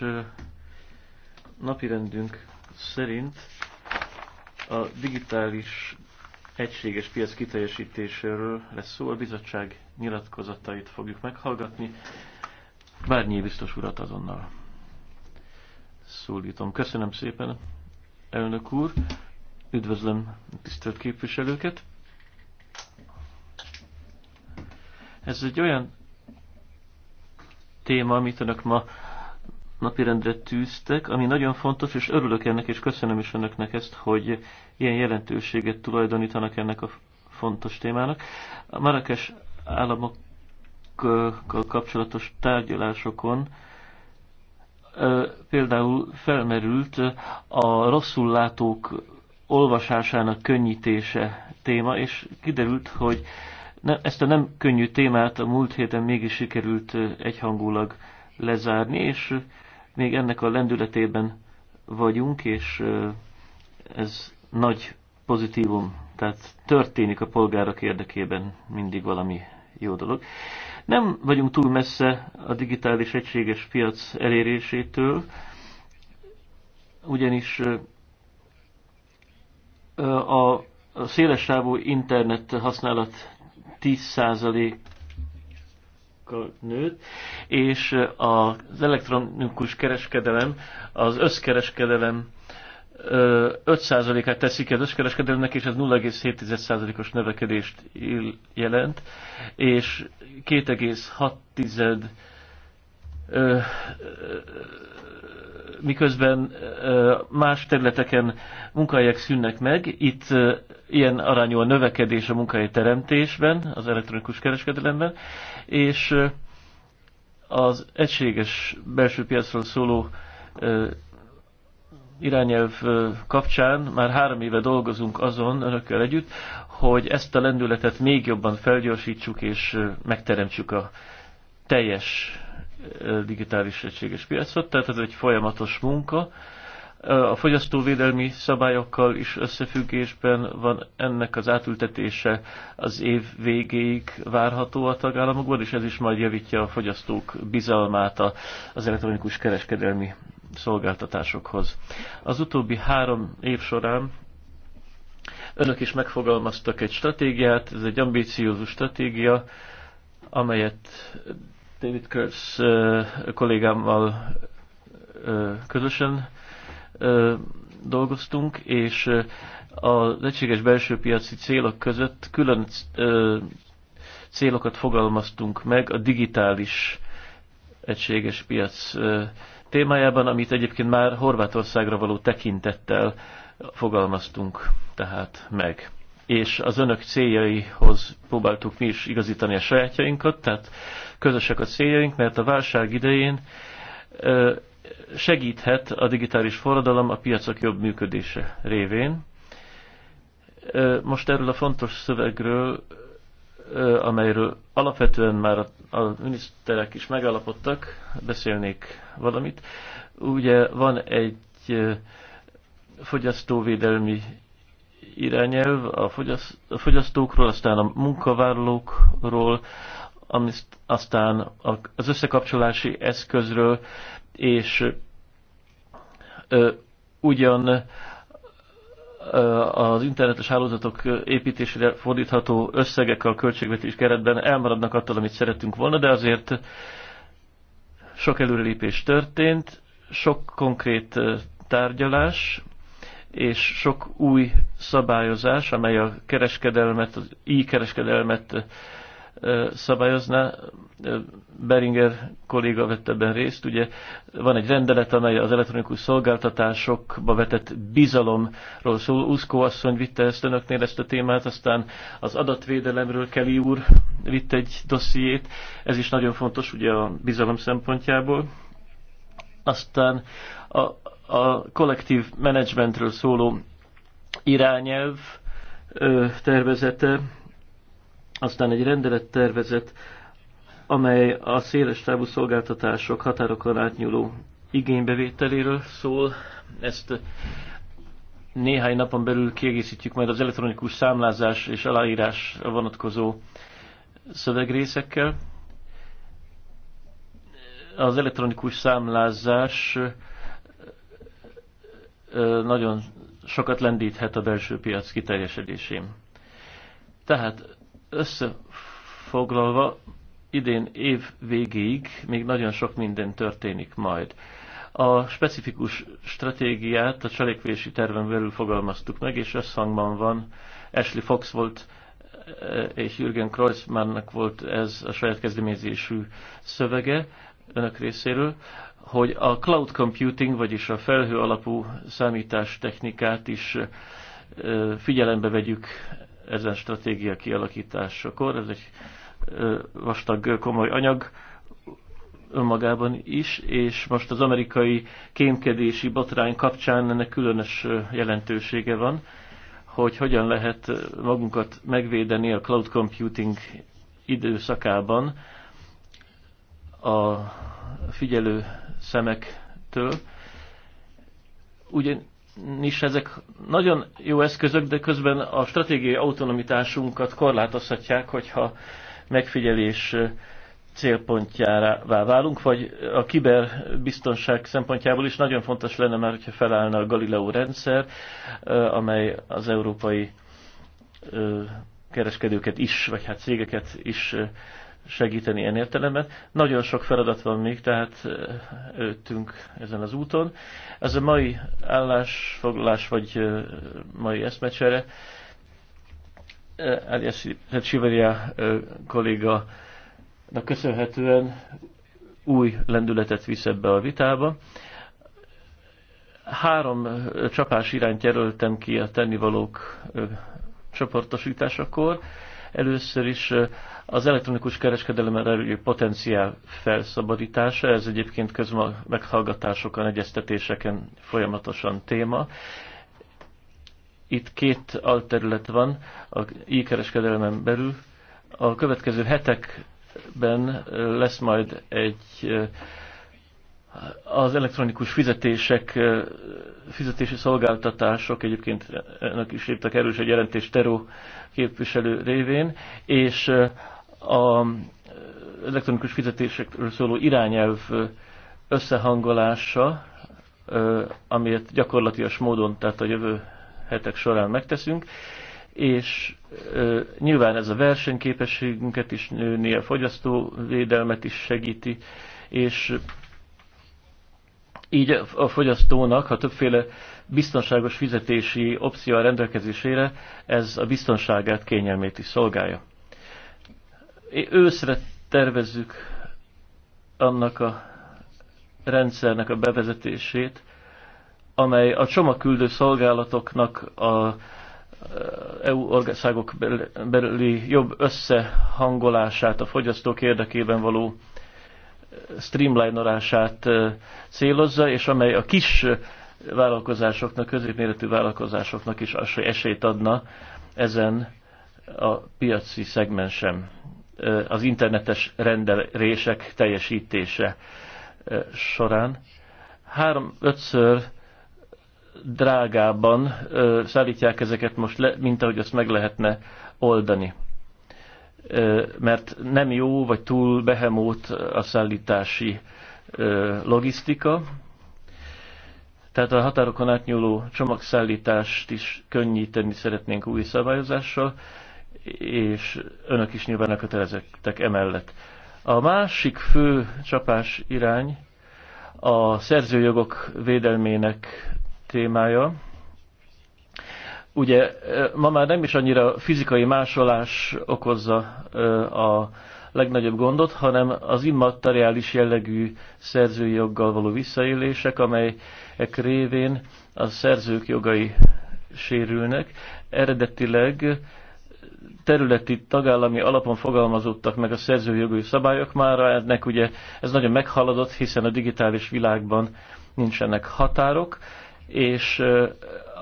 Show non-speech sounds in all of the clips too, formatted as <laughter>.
és napirendünk szerint a digitális egységes piac kiteljesítéséről lesz szó, a bizottság nyilatkozatait fogjuk meghallgatni. Bárnyi biztos urat azonnal szólítom. Köszönöm szépen, elnök úr. Üdvözlöm tisztelt képviselőket. Ez egy olyan téma, amit önök ma napirendre tűztek, ami nagyon fontos, és örülök ennek, és köszönöm is önöknek ezt, hogy ilyen jelentőséget tulajdonítanak ennek a fontos témának. A Marrakes államokkal kapcsolatos tárgyalásokon például felmerült a rosszul látók olvasásának könnyítése téma, és kiderült, hogy ezt a nem könnyű témát a múlt héten mégis sikerült egyhangulag lezárni, és még ennek a lendületében vagyunk, és ez nagy pozitívum, tehát történik a polgárok érdekében mindig valami jó dolog. Nem vagyunk túl messze a digitális egységes piac elérésétől, ugyanis a szélessávú internet használat 10% százalékkal nőtt, és az elektronikus kereskedelem az összkereskedelem 5%-át teszik az összkereskedelemnek, és ez 0,7%-os növekedést jelent, és 2,6 miközben más területeken munkahelyek szűnnek meg, itt ilyen arányú a növekedés a munkahely teremtésben, az elektronikus kereskedelemben, és az egységes belső piacról szóló irányelv kapcsán már három éve dolgozunk azon önökkel együtt, hogy ezt a lendületet még jobban felgyorsítsuk és megteremtsük a teljes digitális egységes piacot, tehát ez egy folyamatos munka. A fogyasztóvédelmi szabályokkal is összefüggésben van ennek az átültetése az év végéig várható a tagállamokban, és ez is majd javítja a fogyasztók bizalmát az elektronikus kereskedelmi szolgáltatásokhoz. Az utóbbi három év során önök is megfogalmaztak egy stratégiát, ez egy ambíciózus stratégia, amelyet David Kurtz kollégámmal közösen dolgoztunk, és az egységes belső piaci célok között külön célokat fogalmaztunk meg a digitális egységes piac témájában, amit egyébként már Horvátországra való tekintettel fogalmaztunk tehát meg és az önök céljaihoz próbáltuk mi is igazítani a sajátjainkat, tehát közösek a céljaink, mert a válság idején segíthet a digitális forradalom a piacok jobb működése révén. Most erről a fontos szövegről, amelyről alapvetően már a miniszterek is megállapodtak, beszélnék valamit. Ugye van egy fogyasztóvédelmi irányelv a, fogyaszt, a fogyasztókról, aztán a munkavállalókról, amit aztán az összekapcsolási eszközről, és ö, ugyan ö, az internetes hálózatok építésére fordítható összegek a költségvetés keretben elmaradnak attól, amit szeretünk volna, de azért sok előrelépés történt, sok konkrét tárgyalás és sok új szabályozás, amely a kereskedelmet, az i-kereskedelmet szabályozná. Beringer kolléga vett ebben részt. Ugye van egy rendelet, amely az elektronikus szolgáltatásokba vetett bizalomról szól. Uszkó asszony vitte ezt önöknél ezt a témát, aztán az adatvédelemről Kelly úr vitt egy dossziét. Ez is nagyon fontos ugye a bizalom szempontjából. Aztán a, a kollektív menedzsmentről szóló irányelv tervezete, aztán egy rendelet tervezet, amely a széles távú szolgáltatások határokon átnyúló igénybevételéről szól. Ezt néhány napon belül kiegészítjük majd az elektronikus számlázás és aláírás vonatkozó szövegrészekkel. Az elektronikus számlázás nagyon sokat lendíthet a belső piac kiteljesedésén. Tehát összefoglalva, idén év végéig még nagyon sok minden történik majd. A specifikus stratégiát a cselekvési terven belül fogalmaztuk meg, és összhangban van. Ashley Fox volt és Jürgen Kreuzmannnak volt ez a saját kezdeményezésű szövege önök részéről hogy a cloud computing, vagyis a felhő alapú számítás technikát is figyelembe vegyük ezen stratégia kialakításakor. Ez egy vastag, komoly anyag önmagában is, és most az amerikai kémkedési botrány kapcsán ennek különös jelentősége van, hogy hogyan lehet magunkat megvédeni a cloud computing időszakában a figyelő szemektől. Ugyanis ezek nagyon jó eszközök, de közben a stratégiai autonomitásunkat korlátozhatják, hogyha megfigyelés célpontjára válunk, vagy a kiberbiztonság szempontjából is nagyon fontos lenne már, hogyha felállna a Galileo rendszer, amely az európai kereskedőket is, vagy hát cégeket is segíteni ilyen értelemben. Nagyon sok feladat van még, tehát előttünk ezen az úton. Ez a mai állásfoglalás, vagy mai eszmecsere, Elias Csiveria hát kolléga köszönhetően új lendületet visz ebbe a vitába. Három csapás irányt jelöltem ki a tennivalók csoportosításakor. Először is az elektronikus kereskedelem erő potenciál felszabadítása, ez egyébként közben a meghallgatásokon, egyeztetéseken folyamatosan téma. Itt két alterület van, a e-kereskedelemen belül. A következő hetekben lesz majd egy az elektronikus fizetések, fizetési szolgáltatások, egyébként ennek is írtak erős egy jelentés Teró képviselő révén, és a elektronikus fizetésekről szóló irányelv összehangolása, amit gyakorlatias módon, tehát a jövő hetek során megteszünk, és nyilván ez a versenyképességünket is nőni, a fogyasztóvédelmet is segíti, és így a fogyasztónak, ha többféle biztonságos fizetési opció a rendelkezésére, ez a biztonságát, kényelmét is szolgálja. Őszre tervezzük annak a rendszernek a bevezetését, amely a csomagküldő szolgálatoknak a EU országok belüli jobb összehangolását, a fogyasztók érdekében való streamlinerását célozza, és amely a kis vállalkozásoknak, középméretű vállalkozásoknak is esélyt adna ezen a piaci szegmensen az internetes rendelések teljesítése során. Három-ötször drágában szállítják ezeket most le, mint ahogy azt meg lehetne oldani. Mert nem jó, vagy túl behemót a szállítási logisztika, tehát a határokon átnyúló csomagszállítást is könnyíteni szeretnénk új szabályozással, és önök is nyilván elkötelezettek emellett. A másik fő csapás irány a szerzőjogok védelmének témája. Ugye ma már nem is annyira fizikai másolás okozza a legnagyobb gondot, hanem az immateriális jellegű szerzőjoggal való visszaélések, amelyek révén a szerzők jogai sérülnek. Eredetileg területi tagállami alapon fogalmazódtak meg a szerzőjogi szabályok már, ennek ugye ez nagyon meghaladott, hiszen a digitális világban nincsenek határok, és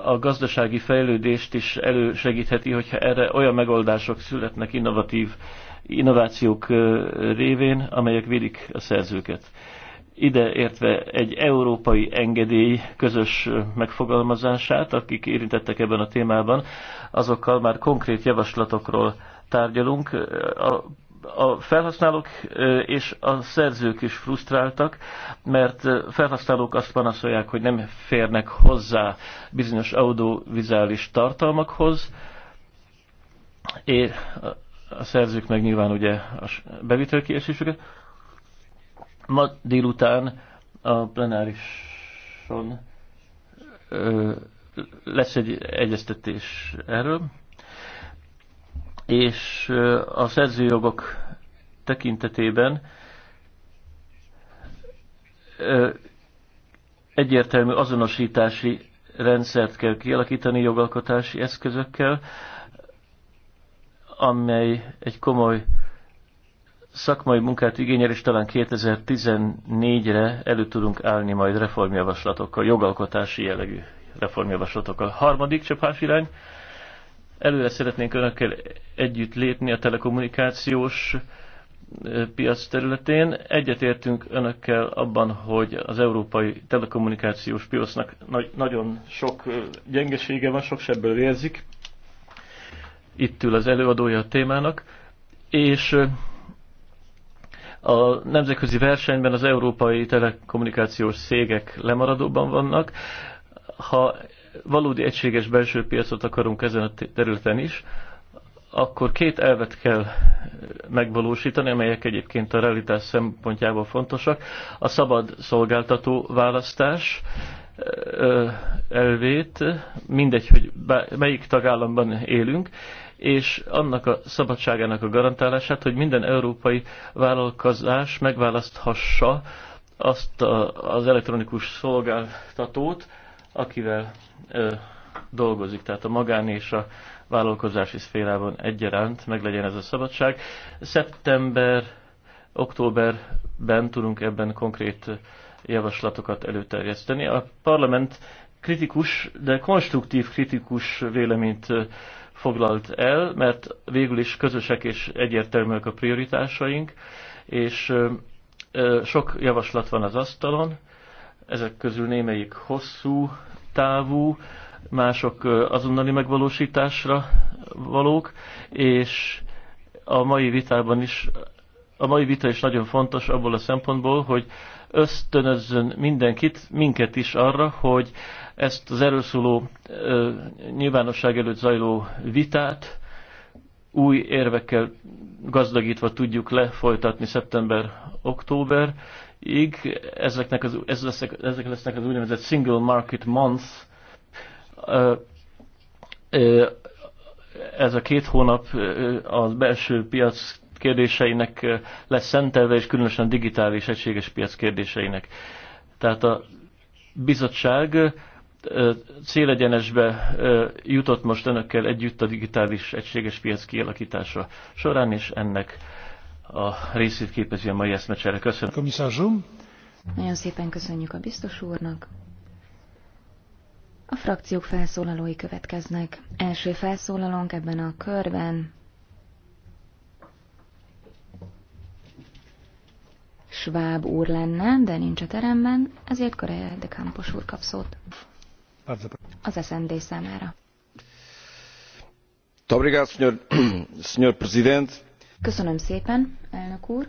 a gazdasági fejlődést is elősegítheti, hogyha erre olyan megoldások születnek innovatív innovációk révén, amelyek védik a szerzőket ide értve egy európai engedély közös megfogalmazását, akik érintettek ebben a témában, azokkal már konkrét javaslatokról tárgyalunk. A, a felhasználók és a szerzők is frusztráltak, mert felhasználók azt panaszolják, hogy nem férnek hozzá bizonyos audiovizuális tartalmakhoz, és a szerzők meg nyilván ugye a bevitelkiesésüket, Ma délután a plenárison lesz egy egyeztetés erről, és a szerzőjogok tekintetében egyértelmű azonosítási rendszert kell kialakítani jogalkotási eszközökkel, amely egy komoly szakmai munkát igényel, és talán 2014-re elő tudunk állni majd reformjavaslatokkal, jogalkotási jellegű reformjavaslatokkal. Harmadik csapás irány, előre szeretnénk önökkel együtt lépni a telekommunikációs piac területén. Egyetértünk önökkel abban, hogy az európai telekommunikációs piacnak nagyon sok gyengesége van, sok sebből érzik. Itt ül az előadója a témának, és a nemzetközi versenyben az európai telekommunikációs szégek lemaradóban vannak. Ha valódi egységes belső piacot akarunk ezen a területen is, akkor két elvet kell megvalósítani, amelyek egyébként a realitás szempontjából fontosak. A szabad szolgáltató választás elvét, mindegy, hogy melyik tagállamban élünk, és annak a szabadságának a garantálását, hogy minden európai vállalkozás megválaszthassa azt a, az elektronikus szolgáltatót, akivel ö, dolgozik, tehát a magán és a vállalkozási szférában egyaránt meglegyen ez a szabadság. Szeptember, októberben tudunk ebben konkrét javaslatokat előterjeszteni. A parlament kritikus, de konstruktív kritikus véleményt foglalt el, mert végül is közösek és egyértelműek a prioritásaink, és sok javaslat van az asztalon, ezek közül némelyik hosszú távú, mások azonnali megvalósításra valók, és a mai vitában is, a mai vita is nagyon fontos abból a szempontból, hogy ösztönözzön mindenkit, minket is arra, hogy ezt az erőszóló nyilvánosság előtt zajló vitát új érvekkel gazdagítva tudjuk lefolytatni szeptember-októberig. Ezeknek az, ez ezek lesznek az úgynevezett Single Market Month. Ez a két hónap a belső piac kérdéseinek lesz szentelve, és különösen a digitális egységes piac kérdéseinek. Tehát a bizottság célegyenesbe jutott most önökkel együtt a digitális egységes piac kialakítása során, és ennek a részét képezi a mai eszmecsere. Köszönöm. Komisszárzsum. Nagyon szépen köszönjük a biztos úrnak. A frakciók felszólalói következnek. Első felszólalónk ebben a körben Schwab úr lenne, de nincs a teremben, ezért Korea de Campos úr kap szót az sd számára. <clears throat> Köszönöm szépen, elnök úr.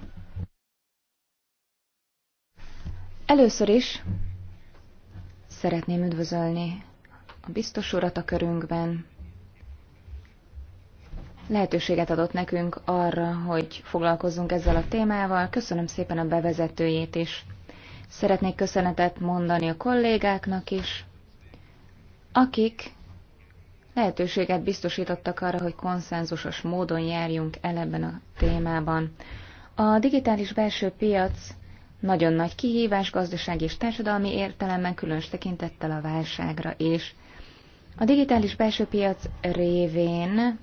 Először is szeretném üdvözölni a biztos urat a körünkben. Lehetőséget adott nekünk arra, hogy foglalkozzunk ezzel a témával. Köszönöm szépen a bevezetőjét is. Szeretnék köszönetet mondani a kollégáknak is, akik lehetőséget biztosítottak arra, hogy konszenzusos módon járjunk el ebben a témában. A digitális belső piac nagyon nagy kihívás gazdasági és társadalmi értelemben, különös tekintettel a válságra is. A digitális belső piac révén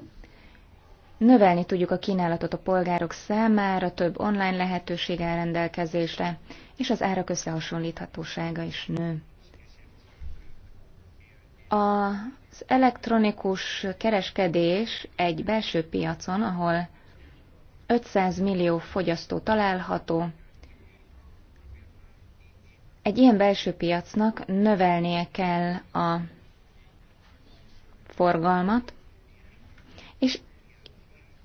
növelni tudjuk a kínálatot a polgárok számára, több online lehetőség áll rendelkezésre, és az árak összehasonlíthatósága is nő. Az elektronikus kereskedés egy belső piacon, ahol 500 millió fogyasztó található, egy ilyen belső piacnak növelnie kell a forgalmat, és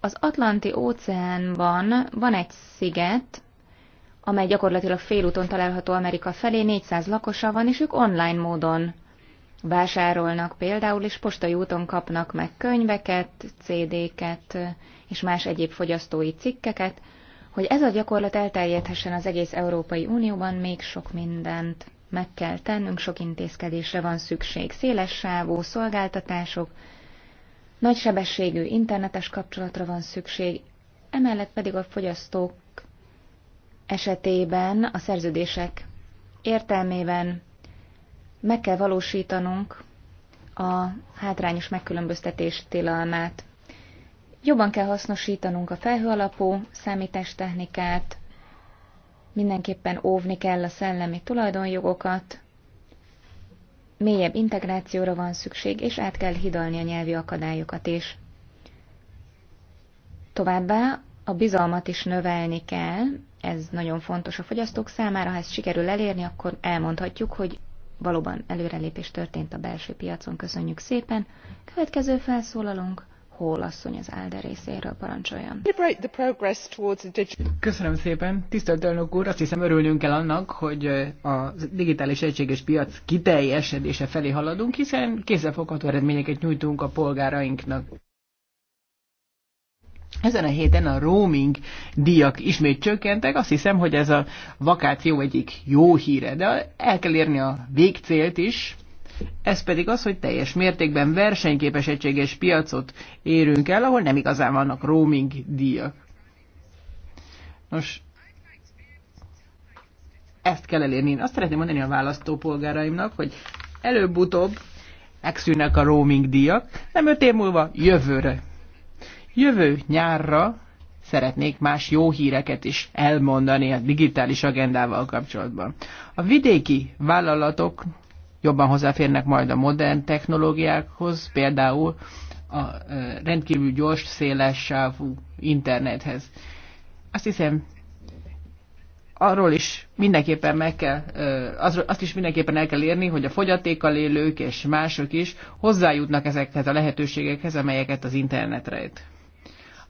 az Atlanti óceánban van egy sziget, amely gyakorlatilag félúton található Amerika felé, 400 lakosa van, és ők online módon vásárolnak például, és postai úton kapnak meg könyveket, CD-ket és más egyéb fogyasztói cikkeket, hogy ez a gyakorlat elterjedhessen az egész Európai Unióban, még sok mindent meg kell tennünk, sok intézkedésre van szükség. Széles sávú szolgáltatások, nagy sebességű internetes kapcsolatra van szükség, emellett pedig a fogyasztók esetében a szerződések értelmében meg kell valósítanunk a hátrányos megkülönböztetés tilalmát. Jobban kell hasznosítanunk a felhőalapú számítástechnikát, mindenképpen óvni kell a szellemi tulajdonjogokat, mélyebb integrációra van szükség, és át kell hidalni a nyelvi akadályokat is. Továbbá a bizalmat is növelni kell, ez nagyon fontos a fogyasztók számára, ha ezt sikerül elérni, akkor elmondhatjuk, hogy valóban előrelépés történt a belső piacon, köszönjük szépen. Következő felszólalunk, Hall asszony az Álder részéről parancsoljon. Köszönöm szépen, tisztelt elnök úr, azt hiszem örülnünk kell annak, hogy a digitális egységes piac kiteljesedése felé haladunk, hiszen kézzelfogható eredményeket nyújtunk a polgárainknak. Ezen a héten a roaming díjak ismét csökkentek, azt hiszem, hogy ez a vakáció egyik jó híre, de el kell érni a végcélt is, ez pedig az, hogy teljes mértékben versenyképes egységes piacot érünk el, ahol nem igazán vannak roaming díjak. Nos, ezt kell elérni. Én azt szeretném mondani a választópolgáraimnak, hogy előbb-utóbb megszűnnek a roaming díjak, nem öt év múlva, jövőre Jövő nyárra szeretnék más jó híreket is elmondani a digitális agendával kapcsolatban. A vidéki vállalatok jobban hozzáférnek majd a modern technológiákhoz, például a rendkívül gyors, széles sávú internethez. Azt hiszem, arról is mindenképpen meg kell, azt is mindenképpen el kell érni, hogy a fogyatékkal élők és mások is hozzájutnak ezekhez a lehetőségekhez, amelyeket az internet rejt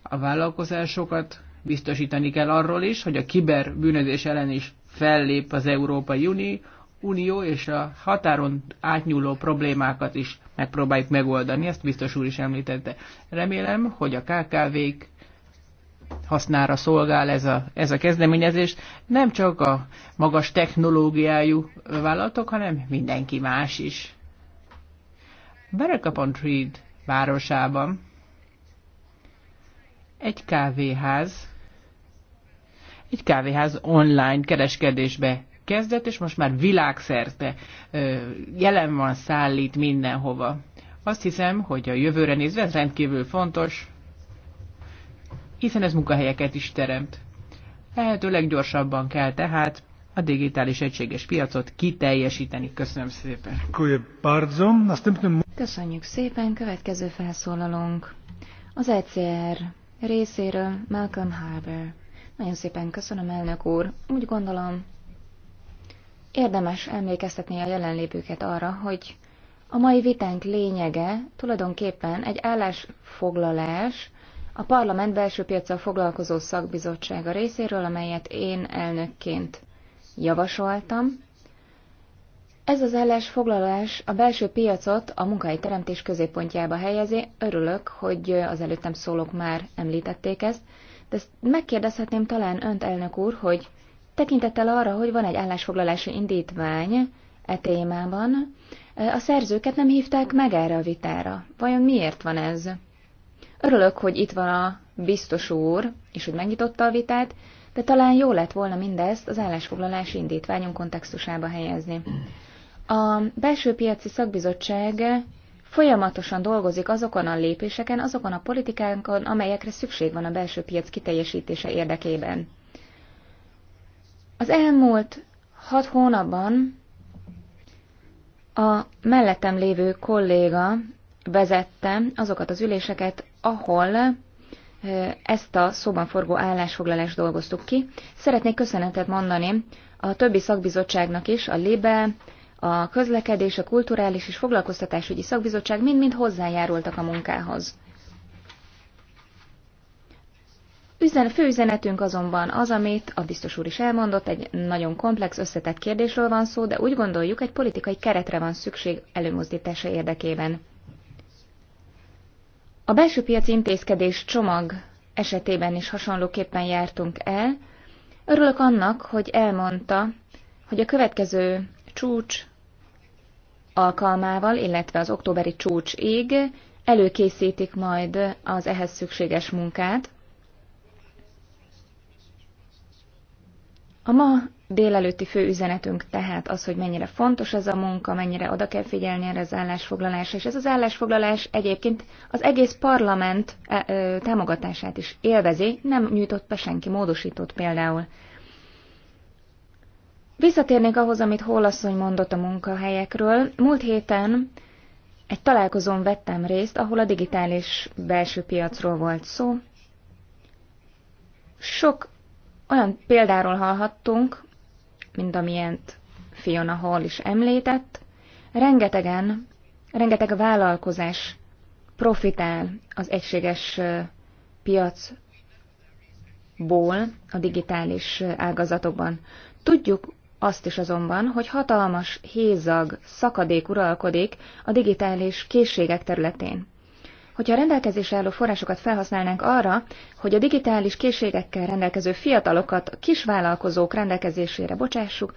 a vállalkozásokat, biztosítani kell arról is, hogy a kiberbűnözés ellen is fellép az Európai Unió, Unió és a határon átnyúló problémákat is megpróbáljuk megoldani, ezt biztos úr is említette. Remélem, hogy a KKV-k hasznára szolgál ez a, ez a kezdeményezés, nem csak a magas technológiájú vállalatok, hanem mindenki más is. Berekapontreed városában egy kávéház, egy kávéház online kereskedésbe kezdett, és most már világszerte jelen van, szállít mindenhova. Azt hiszem, hogy a jövőre nézve ez rendkívül fontos, hiszen ez munkahelyeket is teremt. Lehetőleg gyorsabban kell tehát a digitális egységes piacot kiteljesíteni. Köszönöm szépen. Köszönjük szépen, következő felszólalónk. Az ECR részéről Malcolm Harbour. Nagyon szépen köszönöm, elnök úr. Úgy gondolom, érdemes emlékeztetni a jelenlépőket arra, hogy a mai vitánk lényege tulajdonképpen egy állásfoglalás a parlament belső piacsal foglalkozó szakbizottsága részéről, amelyet én elnökként javasoltam, ez az állásfoglalás a belső piacot a munkai teremtés középpontjába helyezi. Örülök, hogy az előttem szólók már említették ezt, de ezt megkérdezhetném talán önt, elnök úr, hogy tekintettel arra, hogy van egy állásfoglalási indítvány e témában, a szerzőket nem hívták meg erre a vitára. Vajon miért van ez? Örülök, hogy itt van a biztos úr, és hogy megnyitotta a vitát, de talán jó lett volna mindezt az állásfoglalási indítványunk kontextusába helyezni. A belső piaci szakbizottság folyamatosan dolgozik azokon a lépéseken, azokon a politikánkon, amelyekre szükség van a belső piac kiteljesítése érdekében. Az elmúlt hat hónapban a mellettem lévő kolléga vezette azokat az üléseket, ahol ezt a szóban forgó állásfoglalást dolgoztuk ki. Szeretnék köszönetet mondani a többi szakbizottságnak is, a LIBE, a közlekedés, a kulturális és foglalkoztatásügyi szakbizottság mind-mind hozzájárultak a munkához. Üzen, fő üzenetünk azonban az, amit a biztos úr is elmondott, egy nagyon komplex, összetett kérdésről van szó, de úgy gondoljuk, egy politikai keretre van szükség előmozdítása érdekében. A belső piac intézkedés csomag esetében is hasonlóképpen jártunk el. Örülök annak, hogy elmondta, hogy a következő csúcs alkalmával, illetve az októberi csúcsig előkészítik majd az ehhez szükséges munkát. A ma délelőtti fő üzenetünk tehát az, hogy mennyire fontos ez a munka, mennyire oda kell figyelni erre az állásfoglalásra, és ez az állásfoglalás egyébként az egész parlament e, támogatását is élvezi, nem nyújtott be senki módosított például. Visszatérnék ahhoz, amit Hollasszony mondott a munkahelyekről. Múlt héten egy találkozón vettem részt, ahol a digitális belső piacról volt szó. Sok olyan példáról hallhattunk, mint amilyent Fiona Hall is említett, rengetegen, rengeteg vállalkozás profitál az egységes piacból a digitális ágazatokban. Tudjuk azt is azonban, hogy hatalmas hézag, szakadék uralkodik a digitális készségek területén. Hogyha a rendelkezésre álló forrásokat felhasználnánk arra, hogy a digitális készségekkel rendelkező fiatalokat a kisvállalkozók rendelkezésére bocsássuk,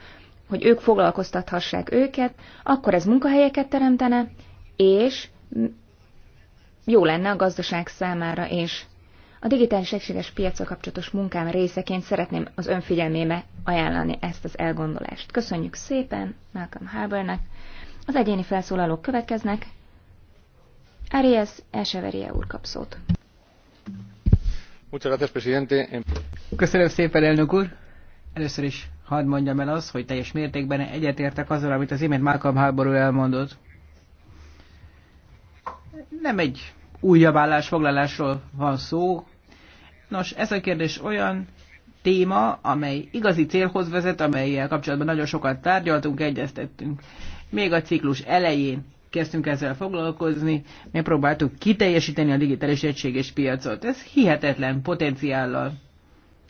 hogy ők foglalkoztathassák őket, akkor ez munkahelyeket teremtene, és jó lenne a gazdaság számára is. A digitális egységes piacok kapcsolatos munkám részeként szeretném az önfigyelmébe ajánlani ezt az elgondolást. Köszönjük szépen Malcolm Harbournek. Az egyéni felszólalók következnek. Arias Echeverria úr kap szót. Köszönöm szépen, elnök úr! Először is hadd mondjam el az, hogy teljes mértékben egyetértek azzal, amit az imént Malcolm Harbour úr elmondott. Nem egy újabb állásfoglalásról van szó, Nos, ez a kérdés olyan téma, amely igazi célhoz vezet, amelyel kapcsolatban nagyon sokat tárgyaltunk, egyeztettünk. Még a ciklus elején kezdtünk ezzel foglalkozni, megpróbáltuk kiteljesíteni a digitális egységes piacot. Ez hihetetlen potenciállal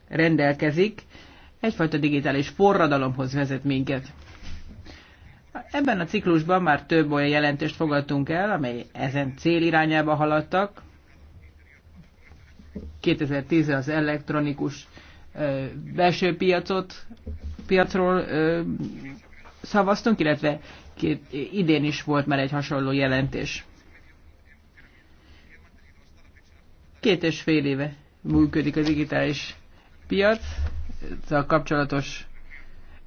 rendelkezik, egyfajta digitális forradalomhoz vezet minket. Ebben a ciklusban már több olyan jelentést fogadtunk el, amely ezen cél irányába haladtak, 2010 az elektronikus belső piacot, piacról szavaztunk, illetve két, idén is volt már egy hasonló jelentés. Két és fél éve működik a digitális piac, ez a kapcsolatos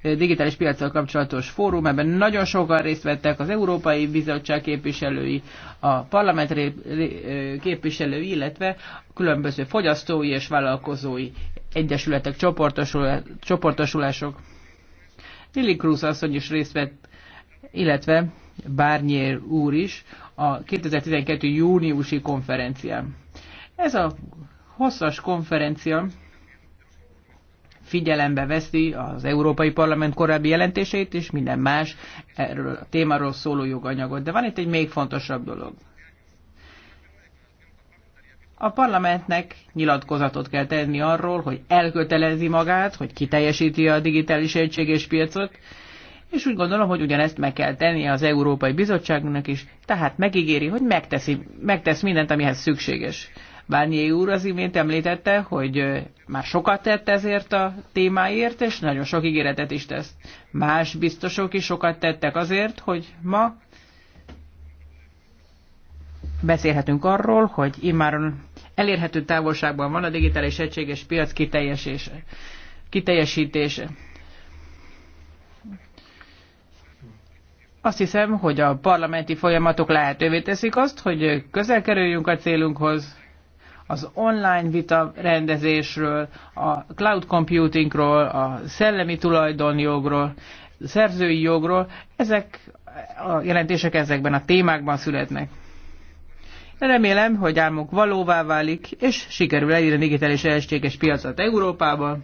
digitális piacsal kapcsolatos fórum, ebben nagyon sokan részt vettek az Európai Bizottság képviselői, a parlament képviselői, illetve különböző fogyasztói és vállalkozói egyesületek, csoportosulások. Lili Cruz asszony is részt vett, illetve Bárnyér úr is a 2012. júniusi konferencián. Ez a hosszas konferencia figyelembe veszi az Európai Parlament korábbi jelentéseit és minden más erről a témáról szóló joganyagot. De van itt egy még fontosabb dolog. A parlamentnek nyilatkozatot kell tenni arról, hogy elkötelezi magát, hogy kiteljesíti a digitális egységes piacot, és úgy gondolom, hogy ugyanezt meg kell tennie az Európai Bizottságnak is, tehát megígéri, hogy megteszi, megtesz mindent, amihez szükséges. Bárnyé úr az imént említette, hogy már sokat tett ezért a témáért, és nagyon sok ígéretet is tesz. Más biztosok is sokat tettek azért, hogy ma beszélhetünk arról, hogy immáron elérhető távolságban van a digitális egységes piac kiteljesése. kiteljesítése. Azt hiszem, hogy a parlamenti folyamatok lehetővé teszik azt, hogy közel kerüljünk a célunkhoz, az online vita rendezésről, a cloud computingról, a szellemi tulajdonjogról, szerzői jogról, ezek a jelentések ezekben a témákban születnek. Remélem, hogy álmok valóvá válik, és sikerül elérni digitális lehetséges piacot Európában.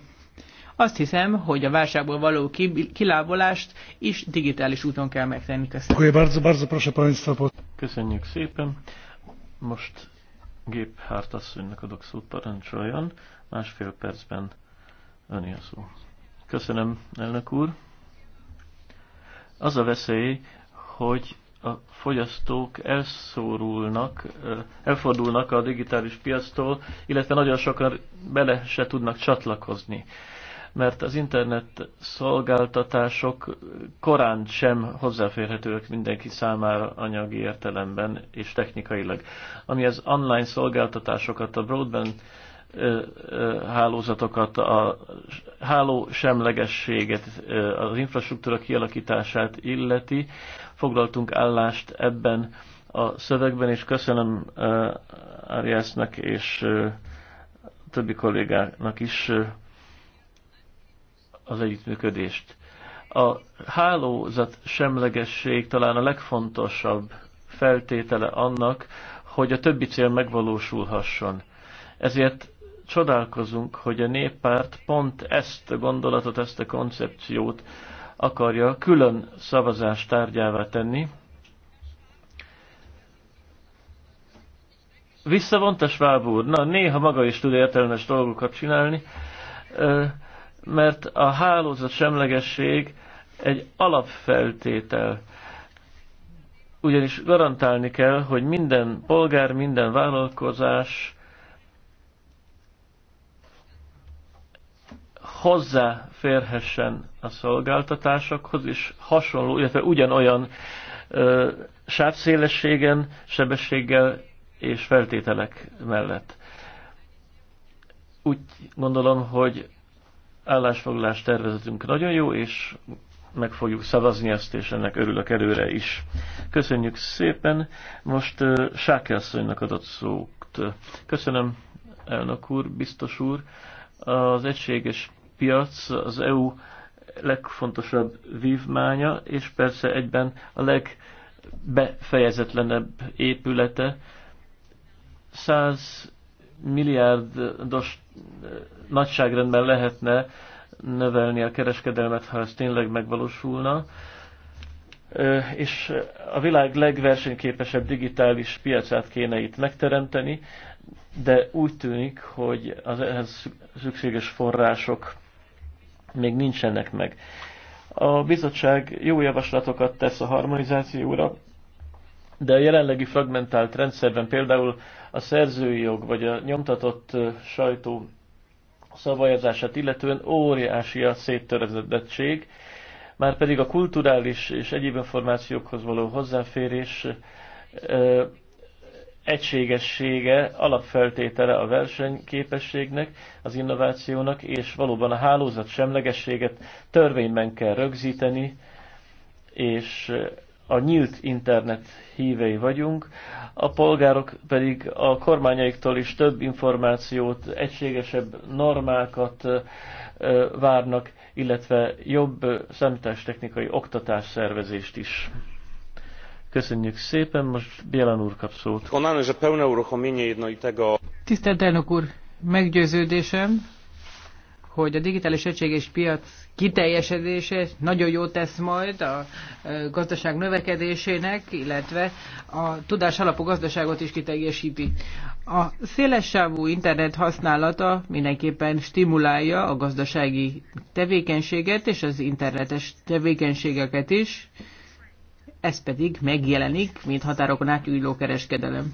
Azt hiszem, hogy a válságból való kilábolást is digitális úton kell megtenni. Köszönöm. Köszönjük szépen. Most Géphárt asszonynak adok szót, parancsoljon. Másfél percben öné a szó. Köszönöm, elnök úr. Az a veszély, hogy a fogyasztók elszórulnak, elfordulnak a digitális piactól, illetve nagyon sokan bele se tudnak csatlakozni mert az internet szolgáltatások korán sem hozzáférhetőek mindenki számára anyagi értelemben és technikailag. Ami az online szolgáltatásokat, a broadband hálózatokat, a háló semlegességet, az infrastruktúra kialakítását illeti. Foglaltunk állást ebben a szövegben, és köszönöm Ariasnak és többi kollégának is az együttműködést. A hálózat semlegesség talán a legfontosabb feltétele annak, hogy a többi cél megvalósulhasson. Ezért csodálkozunk, hogy a néppárt pont ezt a gondolatot, ezt a koncepciót akarja külön szavazást tárgyává tenni. Visszavonta Schwab úr, na néha maga is tud értelmes dolgokat csinálni mert a hálózat semlegesség egy alapfeltétel. Ugyanis garantálni kell, hogy minden polgár, minden vállalkozás hozzáférhessen a szolgáltatásokhoz, és hasonló, illetve ugyanolyan ö, sávszélességen, sebességgel és feltételek mellett. Úgy gondolom, hogy állásfoglalás tervezetünk nagyon jó, és meg fogjuk szavazni ezt, és ennek örülök előre is. Köszönjük szépen. Most Sákelszonynak adott szót. Köszönöm, elnök úr, biztos úr. Az egységes piac az EU legfontosabb vívmánya, és persze egyben a legbefejezetlenebb épülete. 100 milliárdos nagyságrendben lehetne növelni a kereskedelmet, ha ez tényleg megvalósulna. És a világ legversenyképesebb digitális piacát kéne itt megteremteni, de úgy tűnik, hogy az ehhez szükséges források még nincsenek meg. A bizottság jó javaslatokat tesz a harmonizációra, de a jelenlegi fragmentált rendszerben például a szerzői jog vagy a nyomtatott sajtó szavajazását illetően óriási a széttörezettség, már pedig a kulturális és egyéb információkhoz való hozzáférés ö, egységessége alapfeltétele a versenyképességnek, az innovációnak, és valóban a hálózat semlegességet törvényben kell rögzíteni, és a nyílt internet hívei vagyunk, a polgárok pedig a kormányaiktól is több információt, egységesebb normákat várnak, illetve jobb számítástechnikai oktatás szervezést is. Köszönjük szépen, most Bélan úr kap szót. Tisztelt elnök úr, meggyőződésem, hogy a digitális egységes piac kiteljesedése nagyon jót tesz majd a gazdaság növekedésének, illetve a tudás alapú gazdaságot is kiteljesíti. A szélessávú internet használata mindenképpen stimulálja a gazdasági tevékenységet és az internetes tevékenységeket is, ez pedig megjelenik, mint határokon átnyúló kereskedelem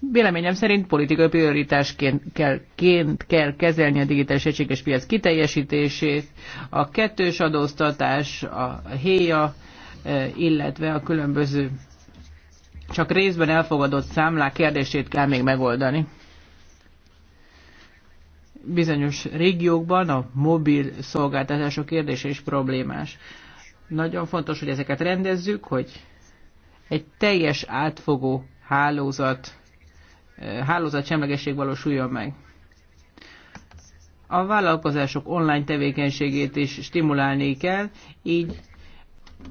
véleményem szerint politikai prioritásként kell, ként kell kezelni a digitális egységes piac kiteljesítését, a kettős adóztatás, a héja, e, illetve a különböző csak részben elfogadott számlák kérdését kell még megoldani. Bizonyos régiókban a mobil szolgáltatások kérdése is problémás. Nagyon fontos, hogy ezeket rendezzük, hogy egy teljes átfogó hálózat Hálózat semlegesség valósuljon meg. A vállalkozások online tevékenységét is stimulálni kell, így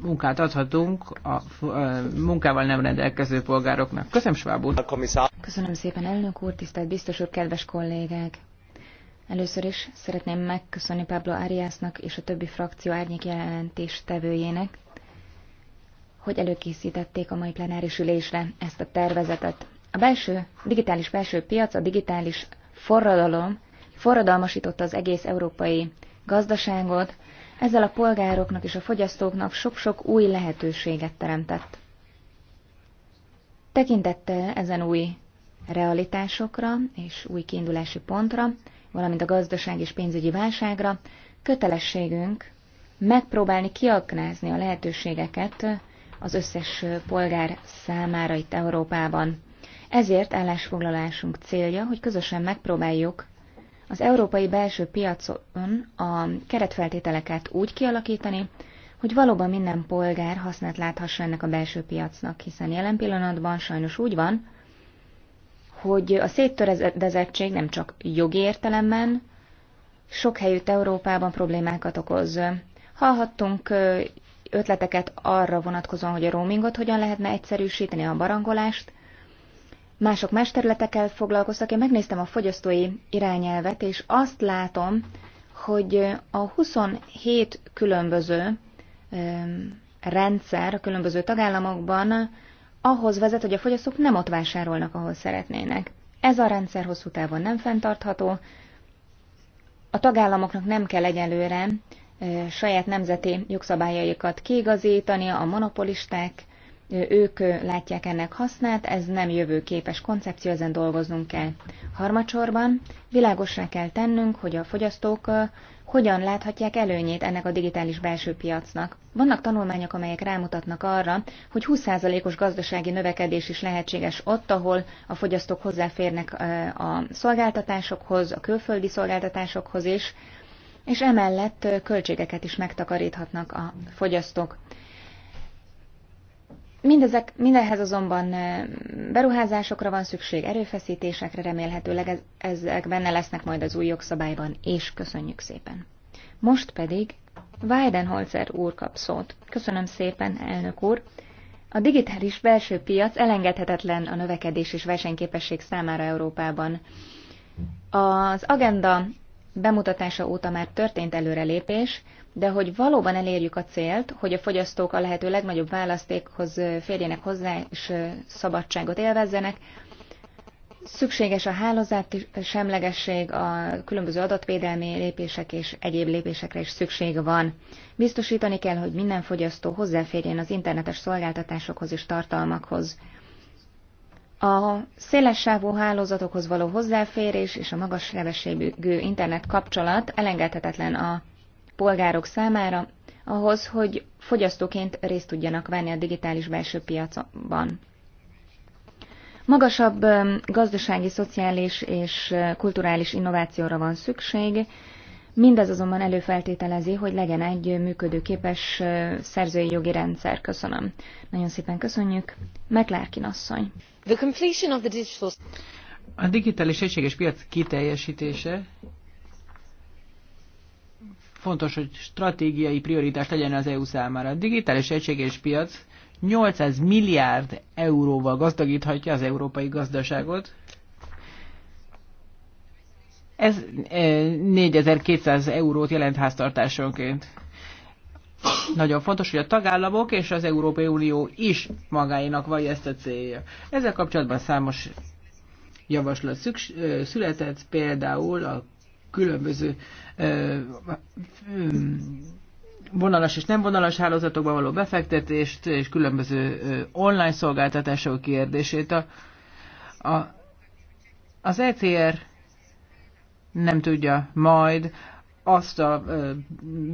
munkát adhatunk a munkával nem rendelkező polgároknak. Köszönöm, Schwab úr. Köszönöm szépen, elnök úr, tisztelt biztos úr, kedves kollégák! Először is szeretném megköszönni Pablo Ariasnak és a többi frakció árnyék jelentés tevőjének, hogy előkészítették a mai plenáris ülésre ezt a tervezetet. A belső, digitális belső piac, a digitális forradalom forradalmasította az egész európai gazdaságot, ezzel a polgároknak és a fogyasztóknak sok-sok új lehetőséget teremtett. Tekintettel ezen új realitásokra és új kiindulási pontra, valamint a gazdaság és pénzügyi válságra, kötelességünk megpróbálni kiaknázni a lehetőségeket az összes polgár számára itt Európában. Ezért állásfoglalásunk célja, hogy közösen megpróbáljuk az európai belső piacon a keretfeltételeket úgy kialakítani, hogy valóban minden polgár hasznát láthassa ennek a belső piacnak, hiszen jelen pillanatban sajnos úgy van, hogy a széttörezettség nem csak jogi értelemben, sok helyütt Európában problémákat okoz. Hallhattunk ötleteket arra vonatkozóan, hogy a roamingot hogyan lehetne egyszerűsíteni, a barangolást, mások más területekkel foglalkoztak. Én megnéztem a fogyasztói irányelvet, és azt látom, hogy a 27 különböző rendszer a különböző tagállamokban ahhoz vezet, hogy a fogyasztók nem ott vásárolnak, ahol szeretnének. Ez a rendszer hosszú távon nem fenntartható. A tagállamoknak nem kell egyelőre saját nemzeti jogszabályaikat kiigazítani, a monopolisták ők látják ennek hasznát, ez nem jövőképes koncepció, ezen dolgoznunk kell. Harmadsorban világosra kell tennünk, hogy a fogyasztók hogyan láthatják előnyét ennek a digitális belső piacnak. Vannak tanulmányok, amelyek rámutatnak arra, hogy 20%-os gazdasági növekedés is lehetséges ott, ahol a fogyasztók hozzáférnek a szolgáltatásokhoz, a külföldi szolgáltatásokhoz is, és emellett költségeket is megtakaríthatnak a fogyasztók. Mindezek, mindenhez azonban eh, beruházásokra van szükség, erőfeszítésekre remélhetőleg ez, ezek benne lesznek majd az új jogszabályban, és köszönjük szépen. Most pedig Weidenholzer úr kap szót. Köszönöm szépen, elnök úr. A digitális belső piac elengedhetetlen a növekedés és versenyképesség számára Európában. Az agenda bemutatása óta már történt előrelépés, de hogy valóban elérjük a célt, hogy a fogyasztók a lehető legnagyobb választékhoz férjenek hozzá és szabadságot élvezzenek, Szükséges a hálózati semlegesség, a különböző adatvédelmi lépések és egyéb lépésekre is szükség van. Biztosítani kell, hogy minden fogyasztó hozzáférjen az internetes szolgáltatásokhoz és tartalmakhoz. A szélessávú hálózatokhoz való hozzáférés és a magas sebességű internet kapcsolat elengedhetetlen a polgárok számára, ahhoz, hogy fogyasztóként részt tudjanak venni a digitális belső piacban. Magasabb gazdasági, szociális és kulturális innovációra van szükség, Mindez azonban előfeltételezi, hogy legyen egy működőképes szerzői jogi rendszer. Köszönöm. Nagyon szépen köszönjük. Meglárkin asszony. The completion of the digital... A digitális egységes piac kiteljesítése fontos, hogy stratégiai prioritás legyen az EU számára. A digitális egységes piac 800 milliárd euróval gazdagíthatja az európai gazdaságot, ez 4200 eurót jelent háztartásonként. Nagyon fontos, hogy a tagállamok és az Európai Unió is magáénak vagy ezt a célja. Ezzel kapcsolatban számos javaslat szüks, született, például a különböző vonalas és nem vonalas hálózatokba való befektetést és különböző online szolgáltatások kérdését. A, a, az ECR nem tudja majd azt a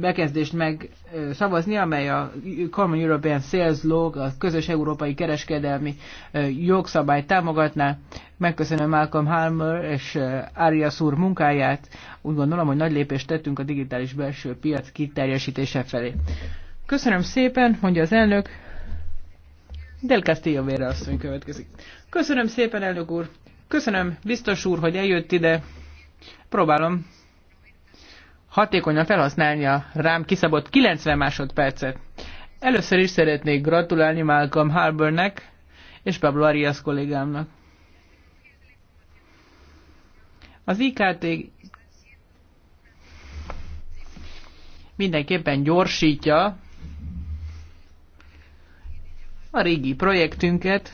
bekezdést meg szavazni, amely a Common European Sales Law, a közös európai kereskedelmi jogszabályt támogatná. Megköszönöm Malcolm Halmer és Ária úr munkáját. Úgy gondolom, hogy nagy lépést tettünk a digitális belső piac kiterjesítése felé. Köszönöm szépen, mondja az elnök. Del Castillo vére asszony következik. Köszönöm szépen, elnök úr. Köszönöm, biztos úr, hogy eljött ide. Próbálom hatékonyan felhasználni a rám kiszabott 90 másodpercet. Először is szeretnék gratulálni Malcolm Harbournek és Pablo Arias kollégámnak. Az IKT mindenképpen gyorsítja a régi projektünket,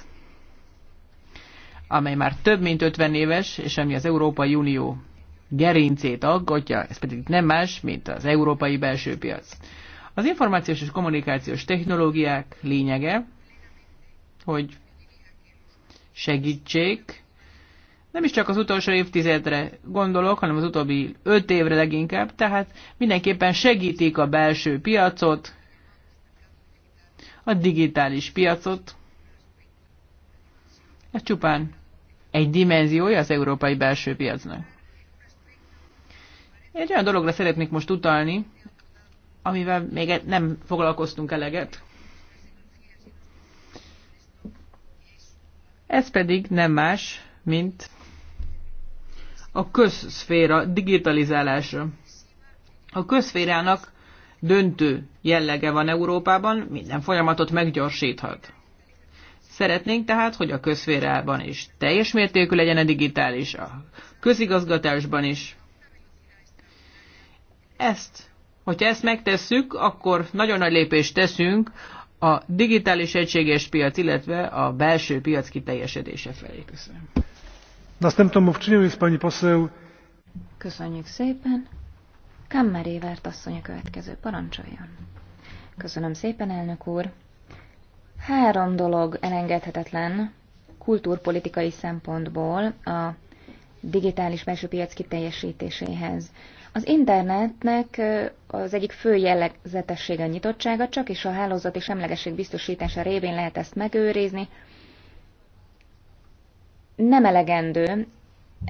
amely már több mint 50 éves, és ami az Európai Unió gerincét aggatja, ez pedig nem más, mint az európai belső piac. Az információs és kommunikációs technológiák lényege, hogy segítsék, nem is csak az utolsó évtizedre gondolok, hanem az utóbbi öt évre leginkább, tehát mindenképpen segítik a belső piacot, a digitális piacot. Ez csupán egy dimenziója az európai belső piacnak. Egy olyan dologra szeretnék most utalni, amivel még e- nem foglalkoztunk eleget. Ez pedig nem más, mint a közszféra digitalizálása. A közszférának döntő jellege van Európában, minden folyamatot meggyorsíthat. Szeretnénk tehát, hogy a közszférában is teljes mértékű legyen a digitális, a közigazgatásban is, ezt, hogyha ezt megtesszük, akkor nagyon nagy lépést teszünk a digitális egységes piac, illetve a belső piac kiteljesedése felé. Köszönöm. pani poseł. Köszönjük szépen. Évert asszony a következő parancsoljon. Köszönöm szépen, elnök úr. Három dolog elengedhetetlen kultúrpolitikai szempontból a digitális belső piac kiteljesítéséhez. Az internetnek az egyik fő jellegzetessége a nyitottsága, csak is a hálózati semlegesség biztosítása révén lehet ezt megőrizni. Nem elegendő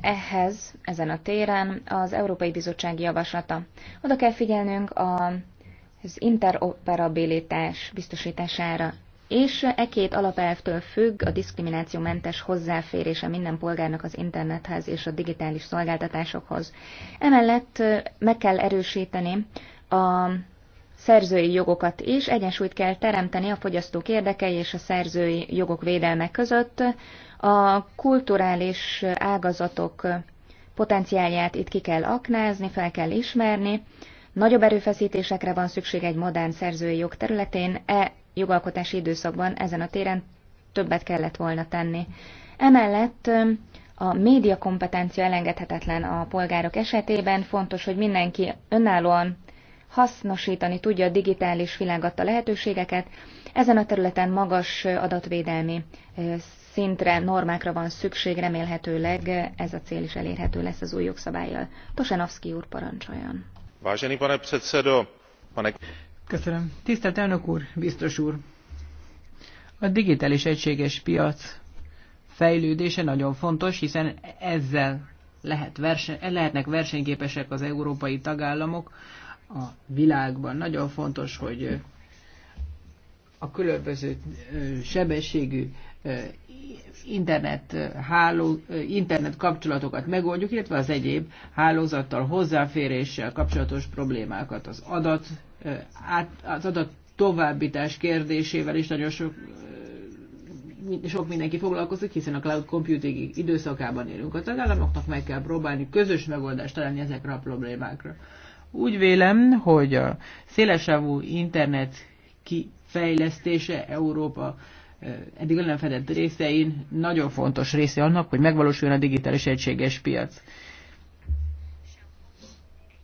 ehhez, ezen a téren az Európai Bizottság javaslata. Oda kell figyelnünk az interoperabilitás biztosítására és e két alapelvtől függ a diszkriminációmentes hozzáférése minden polgárnak az internethez és a digitális szolgáltatásokhoz. Emellett meg kell erősíteni a szerzői jogokat is, egyensúlyt kell teremteni a fogyasztók érdekei és a szerzői jogok védelme között. A kulturális ágazatok potenciálját itt ki kell aknázni, fel kell ismerni, Nagyobb erőfeszítésekre van szükség egy modern szerzői jog területén, e jogalkotási időszakban ezen a téren többet kellett volna tenni. Emellett a média kompetencia elengedhetetlen a polgárok esetében, fontos, hogy mindenki önállóan hasznosítani tudja a digitális világ adta lehetőségeket. Ezen a területen magas adatvédelmi szintre, normákra van szükség, remélhetőleg ez a cél is elérhető lesz az új jogszabályjal. Tosanovszki úr parancsoljon. Vážený pane předsedo, pane... Köszönöm. Tisztelt elnök úr, biztos úr! A digitális egységes piac fejlődése nagyon fontos, hiszen ezzel lehet versen- lehetnek versenyképesek az európai tagállamok a világban. Nagyon fontos, hogy a különböző sebességű internet, háló, internet kapcsolatokat megoldjuk, illetve az egyéb hálózattal, hozzáféréssel kapcsolatos problémákat, az adat át, az adat továbbítás kérdésével is nagyon sok, sok mindenki foglalkozik, hiszen a cloud computing időszakában élünk. A tagállamoknak meg kell próbálni közös megoldást találni ezekre a problémákra. Úgy vélem, hogy a szélesávú internet kifejlesztése Európa eddig nem fedett részein nagyon fontos része annak, hogy megvalósuljon a digitális egységes piac.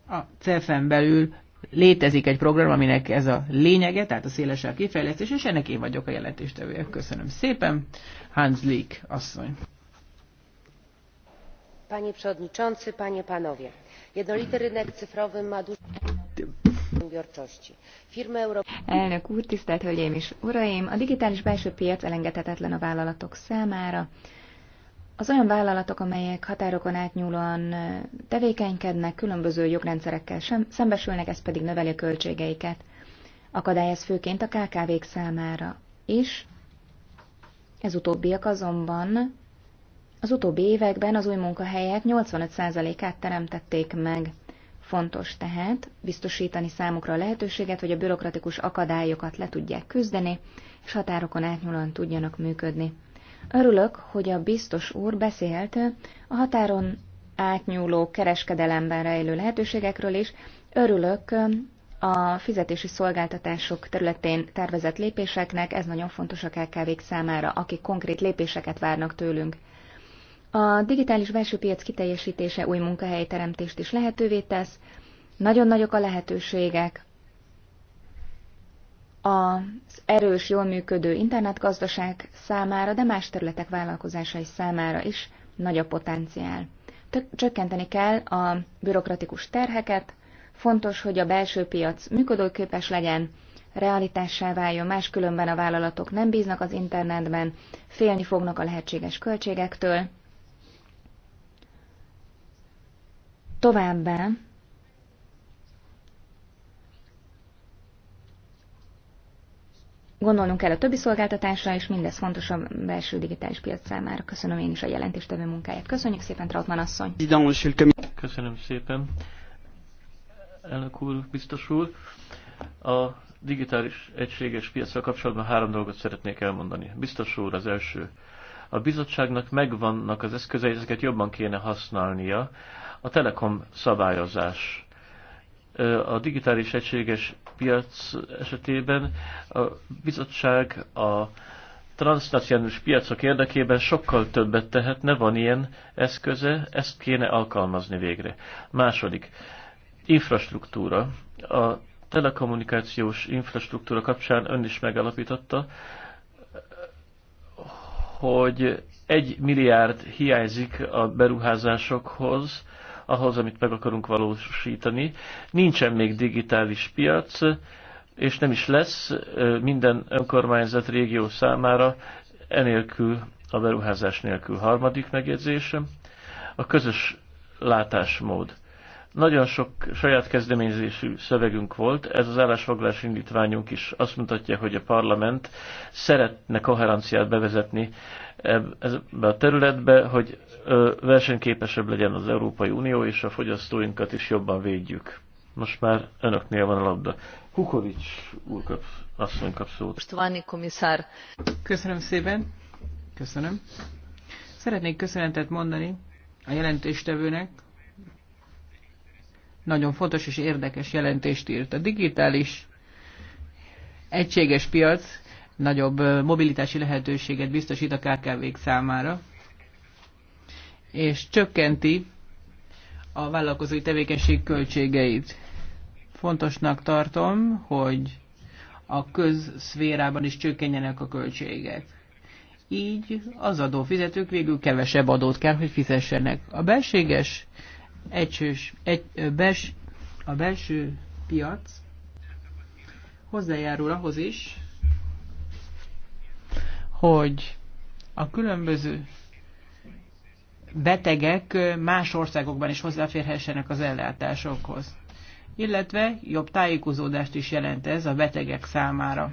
A CEF-en belül létezik egy program, aminek ez a lényege, tehát a szélesebb kifejlesztés, és ennek én vagyok a jelentéstevője. Köszönöm szépen. Hans Lick asszony. Panie przewodniczący, panie panowie. Jednolity rynek cyfrowy ma Elnök úr, tisztelt hölgyeim és uraim! A digitális belső piac elengedhetetlen a vállalatok számára az olyan vállalatok, amelyek határokon átnyúlóan tevékenykednek, különböző jogrendszerekkel sem, szembesülnek, ez pedig növeli a költségeiket. ez főként a KKV-k számára is. Ez utóbbiak azonban az utóbbi években az új munkahelyek 85%-át teremtették meg. Fontos tehát biztosítani számukra a lehetőséget, hogy a bürokratikus akadályokat le tudják küzdeni, és határokon átnyúlóan tudjanak működni. Örülök, hogy a biztos úr beszélt a határon átnyúló kereskedelemben rejlő lehetőségekről is. Örülök a fizetési szolgáltatások területén tervezett lépéseknek, ez nagyon fontos a kkv számára, akik konkrét lépéseket várnak tőlünk. A digitális belső piac kiteljesítése új munkahelyteremtést is lehetővé tesz, nagyon nagyok a lehetőségek, az erős, jól működő internetgazdaság számára, de más területek vállalkozásai számára is nagy a potenciál. Csökkenteni kell a bürokratikus terheket, fontos, hogy a belső piac működőképes legyen, realitássá váljon, máskülönben a vállalatok nem bíznak az internetben, félni fognak a lehetséges költségektől. Továbbá Gondolnunk kell a többi szolgáltatásra, és mindez fontos a belső digitális piac számára. Köszönöm én is a jelentéstevő munkáját. Köszönjük szépen, Trautmann asszony! Köszönöm szépen, elnök úr, biztos úr. A digitális egységes piacsal kapcsolatban három dolgot szeretnék elmondani. Biztos úr az első. A bizottságnak megvannak az eszközei, ezeket jobban kéne használnia. A telekom szabályozás a digitális egységes piac esetében a bizottság a transznacionális piacok érdekében sokkal többet tehetne, van ilyen eszköze, ezt kéne alkalmazni végre. Második, infrastruktúra. A telekommunikációs infrastruktúra kapcsán ön is megalapította, hogy egy milliárd hiányzik a beruházásokhoz, ahhoz, amit meg akarunk valósítani. Nincsen még digitális piac, és nem is lesz minden önkormányzat régió számára enélkül, a beruházás nélkül. Harmadik megjegyzésem, a közös látásmód. Nagyon sok saját kezdeményezésű szövegünk volt, ez az állásfoglalás indítványunk is azt mutatja, hogy a parlament szeretne koherenciát bevezetni ebbe a területbe, hogy versenyképesebb legyen az Európai Unió, és a fogyasztóinkat is jobban védjük. Most már önöknél van a labda. Kukovics úr kap, asszony kap szót. Stvani komisszár. Köszönöm szépen. Köszönöm. Szeretnék köszönetet mondani a jelentéstevőnek, nagyon fontos és érdekes jelentést írt. A digitális egységes piac nagyobb mobilitási lehetőséget biztosít a KKV-k számára, és csökkenti a vállalkozói tevékenység költségeit. Fontosnak tartom, hogy a közszférában is csökkenjenek a költségek. Így az adófizetők végül kevesebb adót kell, hogy fizessenek. A belséges egysős, egy, bes, a belső piac hozzájárul ahhoz is, hogy a különböző betegek más országokban is hozzáférhessenek az ellátásokhoz, illetve jobb tájékozódást is jelent ez a betegek számára.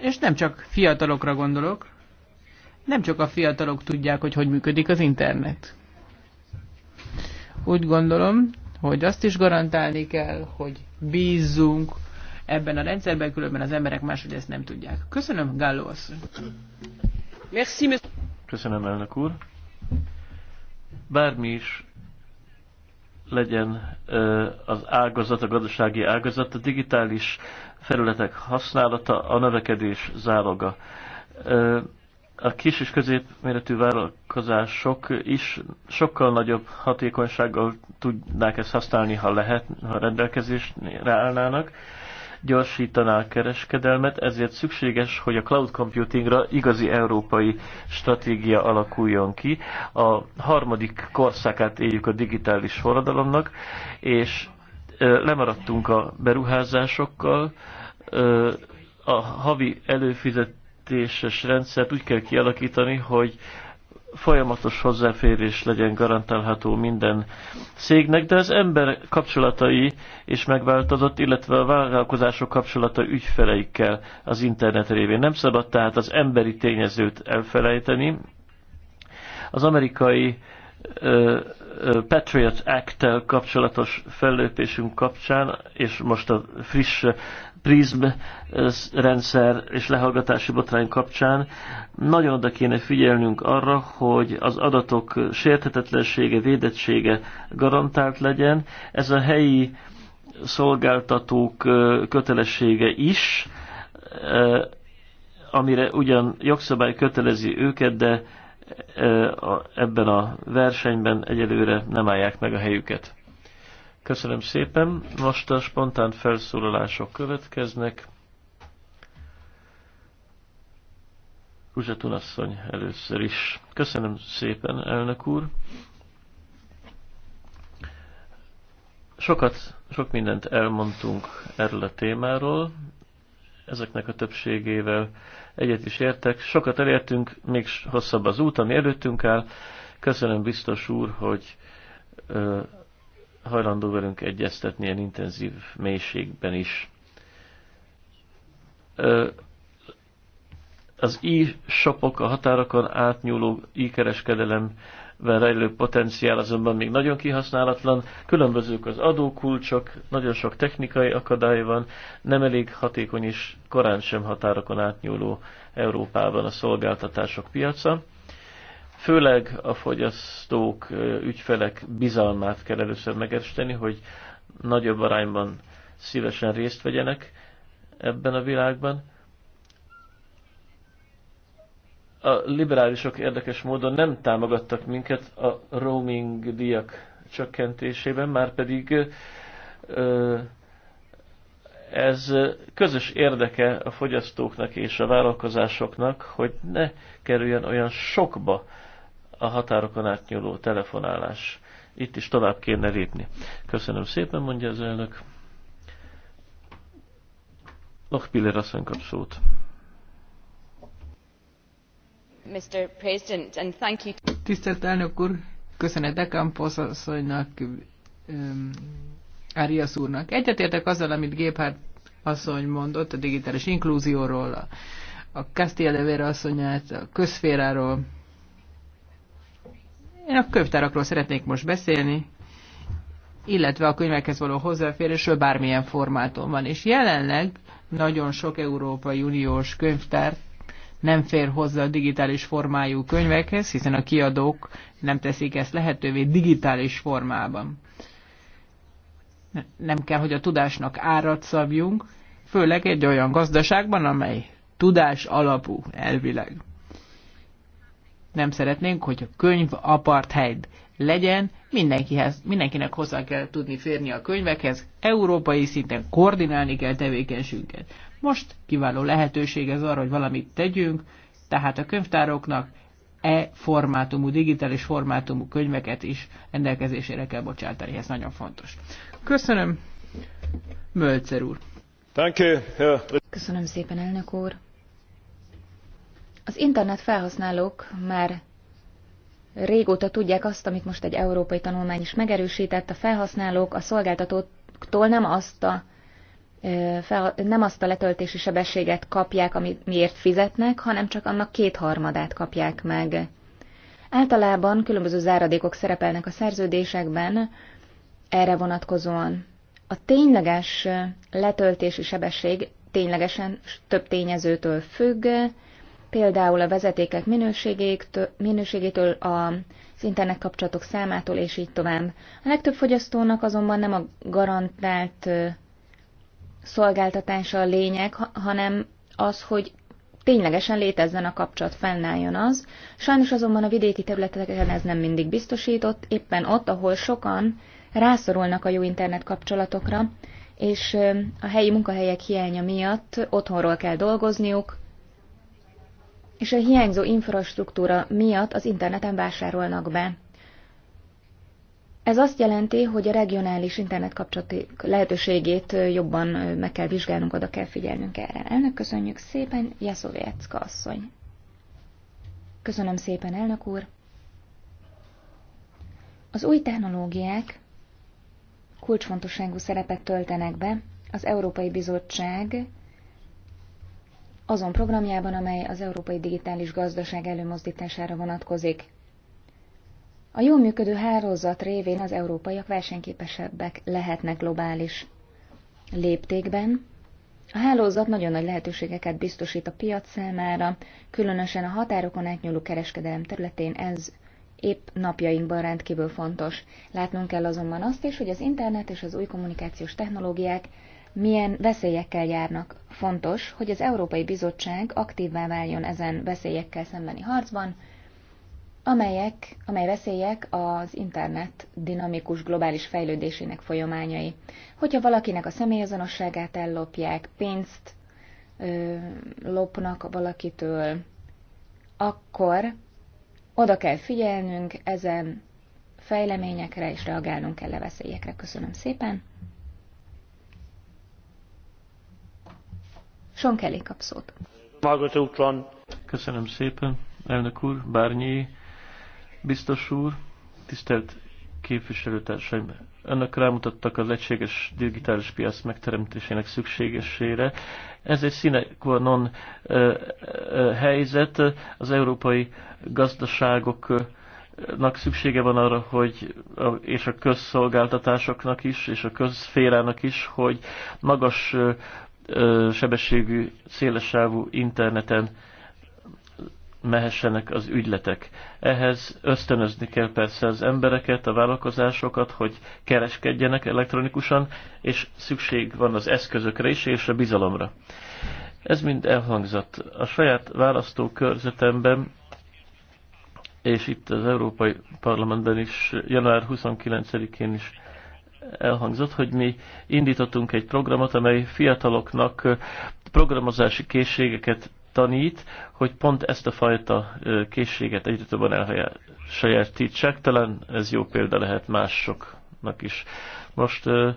És nem csak fiatalokra gondolok, nem csak a fiatalok tudják, hogy hogy működik az internet. Úgy gondolom, hogy azt is garantálni kell, hogy bízzunk ebben a rendszerben, különben az emberek máshogy ezt nem tudják. Köszönöm, Gálló asszony. Köszönöm, elnök úr. Bármi is legyen az ágazat, a gazdasági ágazat, a digitális felületek használata a növekedés záloga a kis és középméretű vállalkozások is sokkal nagyobb hatékonysággal tudnák ezt használni, ha lehet, ha rendelkezésre állnának, gyorsítaná a kereskedelmet, ezért szükséges, hogy a cloud computingra igazi európai stratégia alakuljon ki. A harmadik korszakát éljük a digitális forradalomnak, és lemaradtunk a beruházásokkal, a havi előfizet fizetéses rendszert úgy kell kialakítani, hogy folyamatos hozzáférés legyen garantálható minden szégnek, de az ember kapcsolatai is megváltozott, illetve a vállalkozások kapcsolata ügyfeleikkel az internet révén. Nem szabad tehát az emberi tényezőt elfelejteni. Az amerikai Patriot Act-tel kapcsolatos fellépésünk kapcsán, és most a friss PRISM rendszer és lehallgatási botrány kapcsán nagyon oda kéne figyelnünk arra, hogy az adatok sérthetetlensége, védettsége garantált legyen. Ez a helyi szolgáltatók kötelessége is, amire ugyan jogszabály kötelezi őket, de ebben a versenyben egyelőre nem állják meg a helyüket. Köszönöm szépen. Most a spontán felszólalások következnek. Kuzsatun asszony először is. Köszönöm szépen, elnök úr. Sokat, sok mindent elmondtunk erről a témáról, ezeknek a többségével egyet is értek. Sokat elértünk, még hosszabb az út, ami előttünk áll. Köszönöm biztos úr, hogy hajlandó velünk egyeztetni ilyen intenzív mélységben is. Az e-shopok, a határokon átnyúló e-kereskedelem rejlő potenciál azonban még nagyon kihasználatlan, különbözők az adókulcsok, nagyon sok technikai akadály van, nem elég hatékony is korán sem határokon átnyúló Európában a szolgáltatások piaca. Főleg a fogyasztók, ügyfelek bizalmát kell először megesteni, hogy nagyobb arányban szívesen részt vegyenek ebben a világban. A liberálisok érdekes módon nem támogattak minket a roaming díjak csökkentésében, már pedig ez közös érdeke a fogyasztóknak és a vállalkozásoknak, hogy ne kerüljön olyan sokba a határokon átnyúló telefonálás. Itt is tovább kéne lépni. Köszönöm szépen, mondja az elnök. Lochpiller asszony kap szót. Mr. President, and thank you. Tisztelt elnök úr, köszönet Dekampos asszonynak, um, Arias úrnak. Egyetértek azzal, amit Géphárt asszony mondott a digitális inklúzióról, a, a Castilla de Vera asszonyát, a közféráról, én a könyvtárakról szeretnék most beszélni, illetve a könyvekhez való hozzáférésről bármilyen formáton van. És jelenleg nagyon sok Európai Uniós könyvtár nem fér hozzá a digitális formájú könyvekhez, hiszen a kiadók nem teszik ezt lehetővé digitális formában. Nem kell, hogy a tudásnak árat szabjunk, főleg egy olyan gazdaságban, amely tudás alapú elvileg nem szeretnénk, hogy a könyv apartheid legyen, mindenkihez, mindenkinek hozzá kell tudni férni a könyvekhez, európai szinten koordinálni kell tevékenységünket. Most kiváló lehetőség ez arra, hogy valamit tegyünk, tehát a könyvtároknak e formátumú, digitális formátumú könyveket is rendelkezésére kell bocsátani, ez nagyon fontos. Köszönöm, Mölcer úr. Köszönöm szépen, elnök úr. Az internet felhasználók már régóta tudják azt, amit most egy európai tanulmány is megerősített, a felhasználók a szolgáltatóktól nem azt a, nem azt a letöltési sebességet kapják, amit miért fizetnek, hanem csak annak kétharmadát kapják meg. Általában különböző záradékok szerepelnek a szerződésekben erre vonatkozóan. A tényleges letöltési sebesség ténylegesen több tényezőtől függ, például a vezetékek minőségétől, az internet kapcsolatok számától, és így tovább. A legtöbb fogyasztónak azonban nem a garantált szolgáltatása a lényeg, hanem az, hogy ténylegesen létezzen a kapcsolat, fennálljon az. Sajnos azonban a vidéki területeken ez nem mindig biztosított, éppen ott, ahol sokan rászorulnak a jó internet kapcsolatokra, és a helyi munkahelyek hiánya miatt otthonról kell dolgozniuk, és a hiányzó infrastruktúra miatt az interneten vásárolnak be. Ez azt jelenti, hogy a regionális internetkapcsolati lehetőségét jobban meg kell vizsgálnunk, oda kell figyelnünk erre. Elnök, köszönjük szépen, Jeszovjecka asszony. Köszönöm szépen, elnök úr. Az új technológiák kulcsfontosságú szerepet töltenek be. Az Európai Bizottság azon programjában, amely az európai digitális gazdaság előmozdítására vonatkozik. A jól működő hálózat révén az európaiak versenyképesebbek lehetnek globális léptékben. A hálózat nagyon nagy lehetőségeket biztosít a piac számára, különösen a határokon átnyúló kereskedelem területén ez épp napjainkban rendkívül fontos. Látnunk kell azonban azt is, hogy az internet és az új kommunikációs technológiák milyen veszélyekkel járnak. Fontos, hogy az Európai Bizottság aktívvá váljon ezen veszélyekkel szembeni harcban, amelyek, amely veszélyek az internet dinamikus globális fejlődésének folyamányai. Hogyha valakinek a személyazonosságát ellopják, pénzt ö, lopnak valakitől, akkor oda kell figyelnünk ezen fejleményekre, és reagálnunk kell a veszélyekre. Köszönöm szépen! Sean Kelly kap szót. Köszönöm szépen, elnök úr, Bárnyi, biztos úr, tisztelt képviselőtársaim. Önök rámutattak az egységes digitális piac megteremtésének szükségesére. Ez egy színe qua non helyzet. Az európai gazdaságoknak szüksége van arra, hogy és a közszolgáltatásoknak is, és a közférának is, hogy magas sebességű, szélesávú interneten mehessenek az ügyletek. Ehhez ösztönözni kell persze az embereket, a vállalkozásokat, hogy kereskedjenek elektronikusan, és szükség van az eszközökre is, és a bizalomra. Ez mind elhangzott. A saját választókörzetemben, és itt az Európai Parlamentben is, január 29-én is elhangzott, hogy mi indítottunk egy programot, amely fiataloknak programozási készségeket tanít, hogy pont ezt a fajta készséget egyre többen elsajátítsák. Talán ez jó példa lehet másoknak is. Most uh,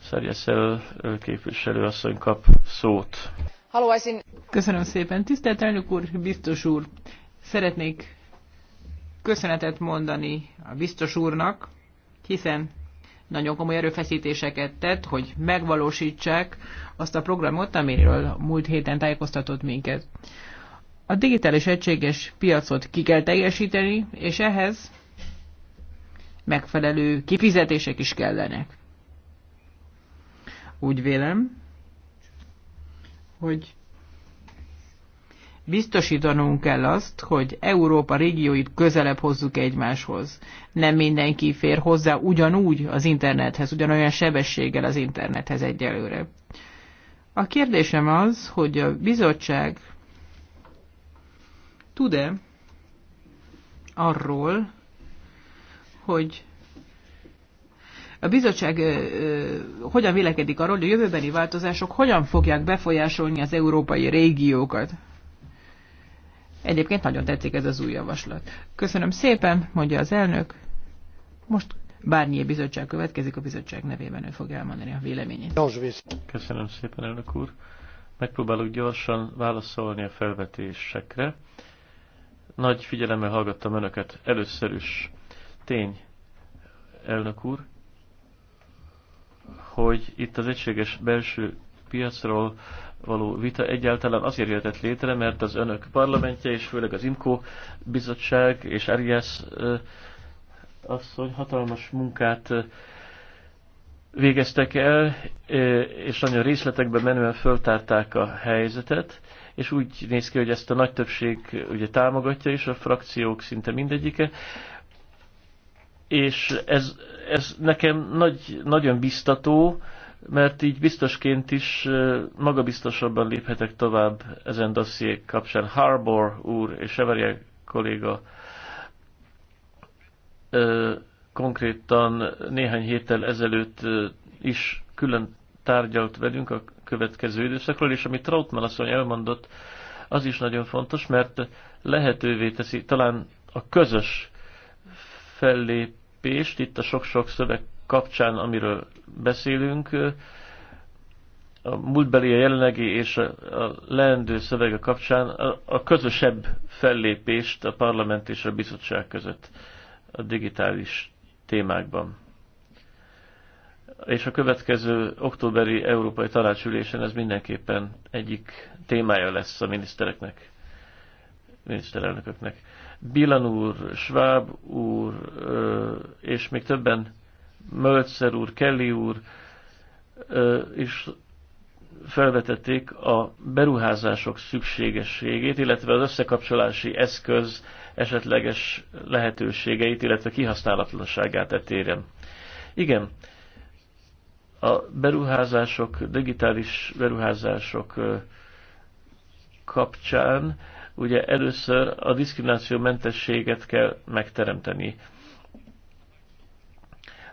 Szerjeszel képviselő asszony kap szót. Köszönöm szépen. Tisztelt elnök úr, biztos úr, szeretnék köszönetet mondani a biztos úrnak, hiszen nagyon komoly erőfeszítéseket tett, hogy megvalósítsák azt a programot, amiről múlt héten tájékoztatott minket. A digitális egységes piacot ki kell teljesíteni, és ehhez megfelelő kifizetések is kellenek. Úgy vélem, hogy Biztosítanunk kell azt, hogy Európa régióit közelebb hozzuk egymáshoz. Nem mindenki fér hozzá ugyanúgy az internethez, ugyanolyan sebességgel az internethez egyelőre. A kérdésem az, hogy a bizottság tud-e arról, hogy a bizottság ö, ö, hogyan vélekedik arról, hogy a jövőbeni változások hogyan fogják befolyásolni az európai régiókat? Egyébként nagyon tetszik ez az új javaslat. Köszönöm szépen, mondja az elnök. Most bármilyen bizottság következik, a bizottság nevében ő fog elmondani a véleményét. Köszönöm szépen, elnök úr. Megpróbálok gyorsan válaszolni a felvetésekre. Nagy figyelemmel hallgattam önöket. Először is tény, elnök úr, hogy itt az egységes belső piacról való vita egyáltalán azért jöhetett létre, mert az önök parlamentje, és főleg az IMCO bizottság és Arias asszony hatalmas munkát végeztek el, és nagyon részletekben menően föltárták a helyzetet, és úgy néz ki, hogy ezt a nagy többség ugye támogatja is, a frakciók szinte mindegyike, és ez, ez nekem nagy, nagyon biztató, mert így biztosként is magabiztosabban léphetek tovább ezen dossziék kapcsán. Harbour úr és Severje kolléga konkrétan néhány héttel ezelőtt is külön tárgyalt velünk a következő időszakról, és amit Trautmann asszony elmondott, az is nagyon fontos, mert lehetővé teszi talán a közös fellépést itt a sok-sok szöveg kapcsán, amiről beszélünk, a múltbeli, a jelenlegi és a, a leendő szövege kapcsán a, a közösebb fellépést a parlament és a bizottság között a digitális témákban. És a következő októberi Európai Tanácsülésen ez mindenképpen egyik témája lesz a minisztereknek, miniszterelnököknek. Bilan úr, Schwab úr és még többen Mölcer úr, Kelly úr is felvetették a beruházások szükségességét, illetve az összekapcsolási eszköz esetleges lehetőségeit, illetve kihasználatlanságát etéren. Igen, a beruházások, digitális beruházások kapcsán ugye először a diszkrimináció kell megteremteni.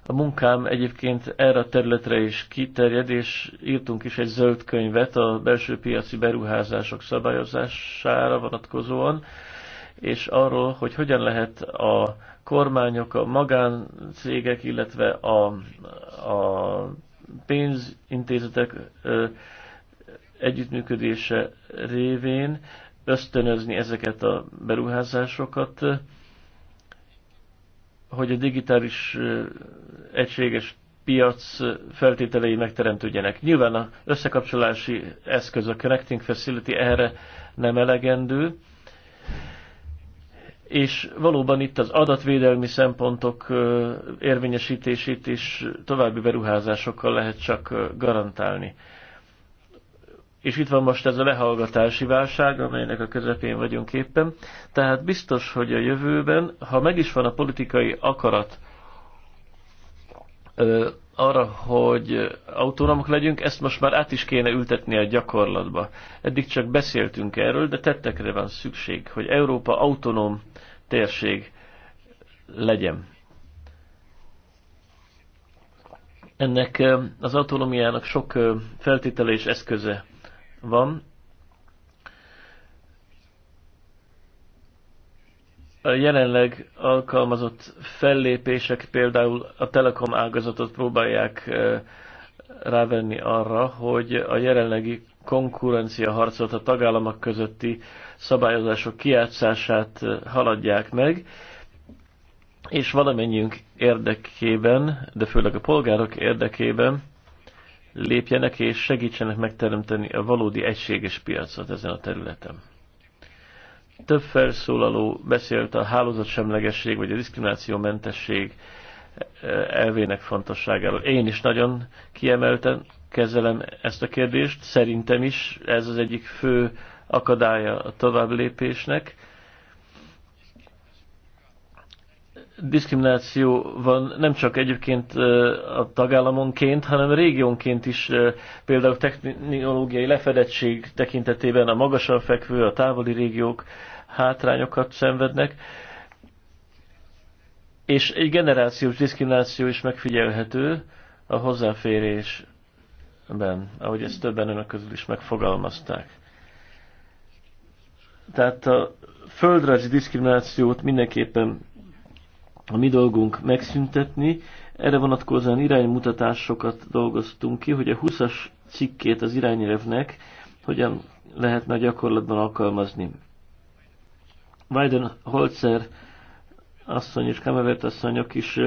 A munkám egyébként erre a területre is kiterjed, és írtunk is egy zöld könyvet a belső piaci beruházások szabályozására vonatkozóan, és arról, hogy hogyan lehet a kormányok, a magáncégek, illetve a, a pénzintézetek ö, együttműködése révén ösztönözni ezeket a beruházásokat, hogy a digitális egységes piac feltételei megteremtődjenek. Nyilván az összekapcsolási eszköz, a Connecting Facility erre nem elegendő, és valóban itt az adatvédelmi szempontok érvényesítését is további beruházásokkal lehet csak garantálni. És itt van most ez a lehallgatási válság, amelynek a közepén vagyunk éppen. Tehát biztos, hogy a jövőben, ha meg is van a politikai akarat ö, arra, hogy autonómok legyünk, ezt most már át is kéne ültetni a gyakorlatba. Eddig csak beszéltünk erről, de tettekre van szükség, hogy Európa autonóm térség legyen. Ennek az autonómiának sok feltétele és eszköze van. A jelenleg alkalmazott fellépések például a telekom ágazatot próbálják rávenni arra, hogy a jelenlegi konkurencia harcot a tagállamok közötti szabályozások kiátszását haladják meg, és valamennyiünk érdekében, de főleg a polgárok érdekében lépjenek és segítsenek megteremteni a valódi egységes piacot ezen a területen. Több felszólaló beszélt a hálózatsemlegesség vagy a diszkriminációmentesség eh, elvének fontosságáról. Én is nagyon kiemelten kezelem ezt a kérdést, szerintem is ez az egyik fő akadálya a tovább lépésnek diszkrimináció van nem csak egyébként a tagállamonként, hanem a régiónként is, például technológiai lefedettség tekintetében a magasan fekvő, a távoli régiók hátrányokat szenvednek, és egy generációs diszkrimináció is megfigyelhető a hozzáférésben, ahogy ezt többen önök közül is megfogalmazták. Tehát a földrajzi diszkriminációt mindenképpen a mi dolgunk megszüntetni. Erre vonatkozóan iránymutatásokat dolgoztunk ki, hogy a 20-as cikkét az irányelvnek hogyan lehetne a gyakorlatban alkalmazni. Weiden Holzer asszony és Kamevert asszonyok is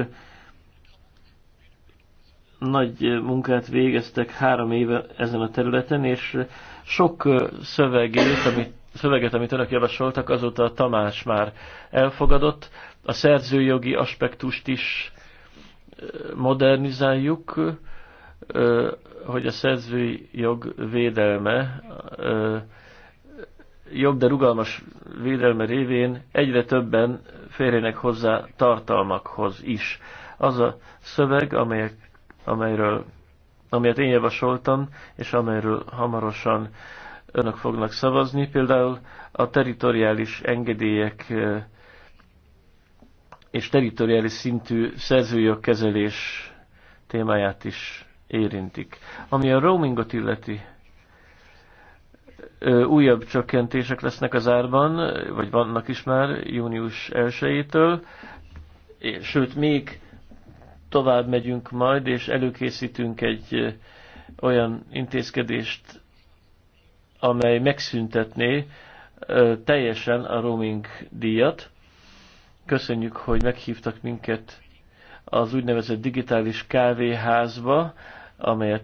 nagy munkát végeztek három éve ezen a területen, és sok szövegét, amit, szöveget, amit önök javasoltak, azóta a Tamás már elfogadott a szerzőjogi aspektust is modernizáljuk, hogy a szerzői jog védelme jobb, de rugalmas védelme révén egyre többen férjenek hozzá tartalmakhoz is. Az a szöveg, amelyek, amelyről, amelyet én javasoltam, és amelyről hamarosan önök fognak szavazni, például a teritoriális engedélyek és teritoriális szintű szerzőjog kezelés témáját is érintik. Ami a roamingot illeti, újabb csökkentések lesznek az árban, vagy vannak is már június 1-től, sőt még tovább megyünk majd, és előkészítünk egy olyan intézkedést, amely megszüntetné teljesen a roaming díjat, Köszönjük, hogy meghívtak minket az úgynevezett digitális kávéházba, amelyet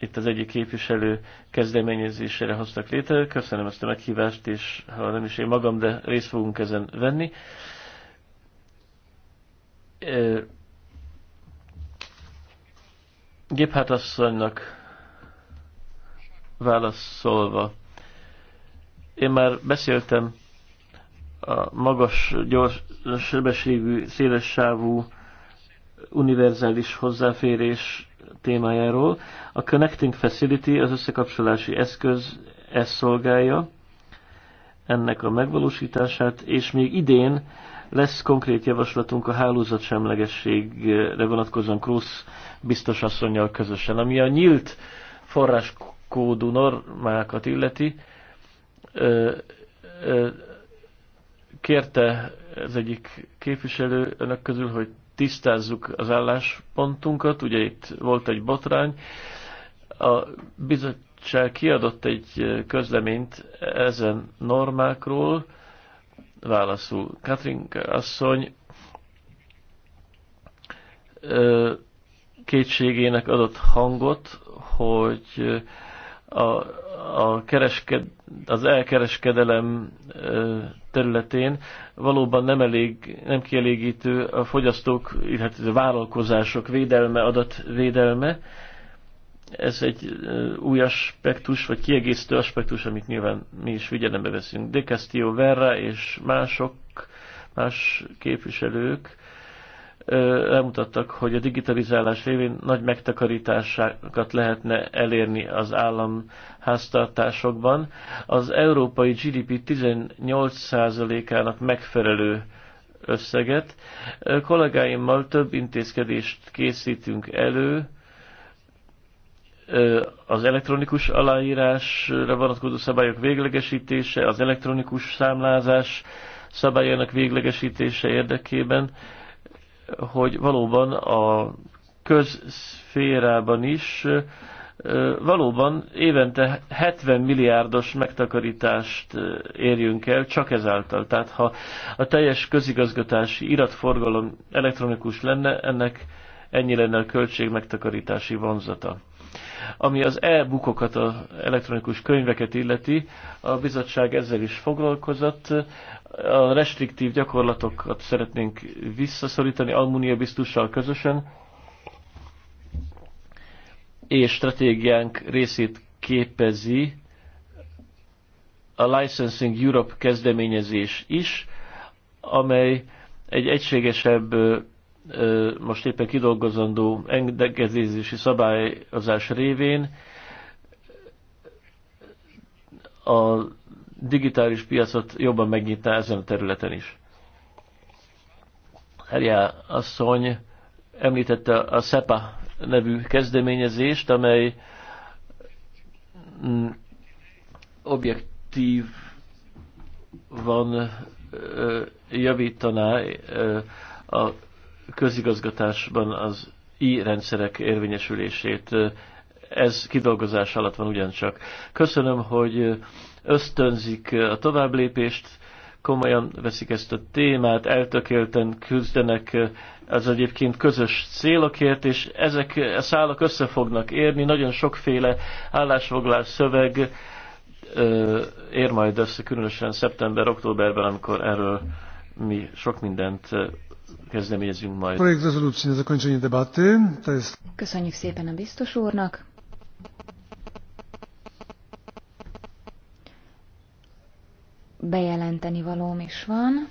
itt az egyik képviselő kezdeményezésére hoztak létre. Köszönöm ezt a meghívást, és ha nem is én magam, de részt fogunk ezen venni. Géphát asszonynak válaszolva, én már beszéltem a magas, gyors, sebességű, széles sávú univerzális hozzáférés témájáról. A Connecting Facility, az összekapcsolási eszköz, ezt szolgálja, ennek a megvalósítását, és még idén lesz konkrét javaslatunk a hálózatsemlegességre vonatkozóan Krusz biztos asszonynal közösen, ami a nyílt forráskódú normákat illeti, ö, ö, kérte az egyik képviselő önök közül, hogy tisztázzuk az álláspontunkat. Ugye itt volt egy botrány. A bizottság kiadott egy közleményt ezen normákról, válaszul Katrin asszony kétségének adott hangot, hogy a, a keresked, az elkereskedelem területén valóban nem, elég, nem kielégítő a fogyasztók, illetve a vállalkozások védelme, adatvédelme. Ez egy új aspektus, vagy kiegészítő aspektus, amit nyilván mi is figyelembe veszünk. De Castillo Verra és mások, más képviselők elmutattak, hogy a digitalizálás révén nagy megtakarításokat lehetne elérni az állam háztartásokban. Az európai GDP 18%-ának megfelelő összeget. Kollégáimmal több intézkedést készítünk elő, az elektronikus aláírásra vonatkozó szabályok véglegesítése, az elektronikus számlázás szabályának véglegesítése érdekében hogy valóban a közszférában is valóban évente 70 milliárdos megtakarítást érjünk el csak ezáltal. Tehát ha a teljes közigazgatási iratforgalom elektronikus lenne, ennek ennyi lenne a költség megtakarítási vonzata. Ami az e-bookokat, az elektronikus könyveket illeti, a bizottság ezzel is foglalkozott. A restriktív gyakorlatokat szeretnénk visszaszorítani, Almunia biztussal közösen, és stratégiánk részét képezi a Licensing Europe kezdeményezés is, amely egy egységesebb most éppen kidolgozandó engedélyezési szabályozás révén a digitális piacot jobban megnyitná ezen a területen is. Herjá asszony említette a SEPA nevű kezdeményezést, amely mm, objektív van javítaná a közigazgatásban az i-rendszerek érvényesülését. Ez kidolgozás alatt van ugyancsak. Köszönöm, hogy ösztönzik a továbblépést, komolyan veszik ezt a témát, eltökélten küzdenek az egyébként közös célokért, és ezek a szálak össze fognak érni, nagyon sokféle állásfoglás szöveg ér majd össze, különösen szeptember-októberben, amikor erről mi sok mindent kezdeményezünk majd. Projekt rezolúció, ez a kończenie debaty. Köszönjük szépen a biztos úrnak. Bejelenteni valóm is van.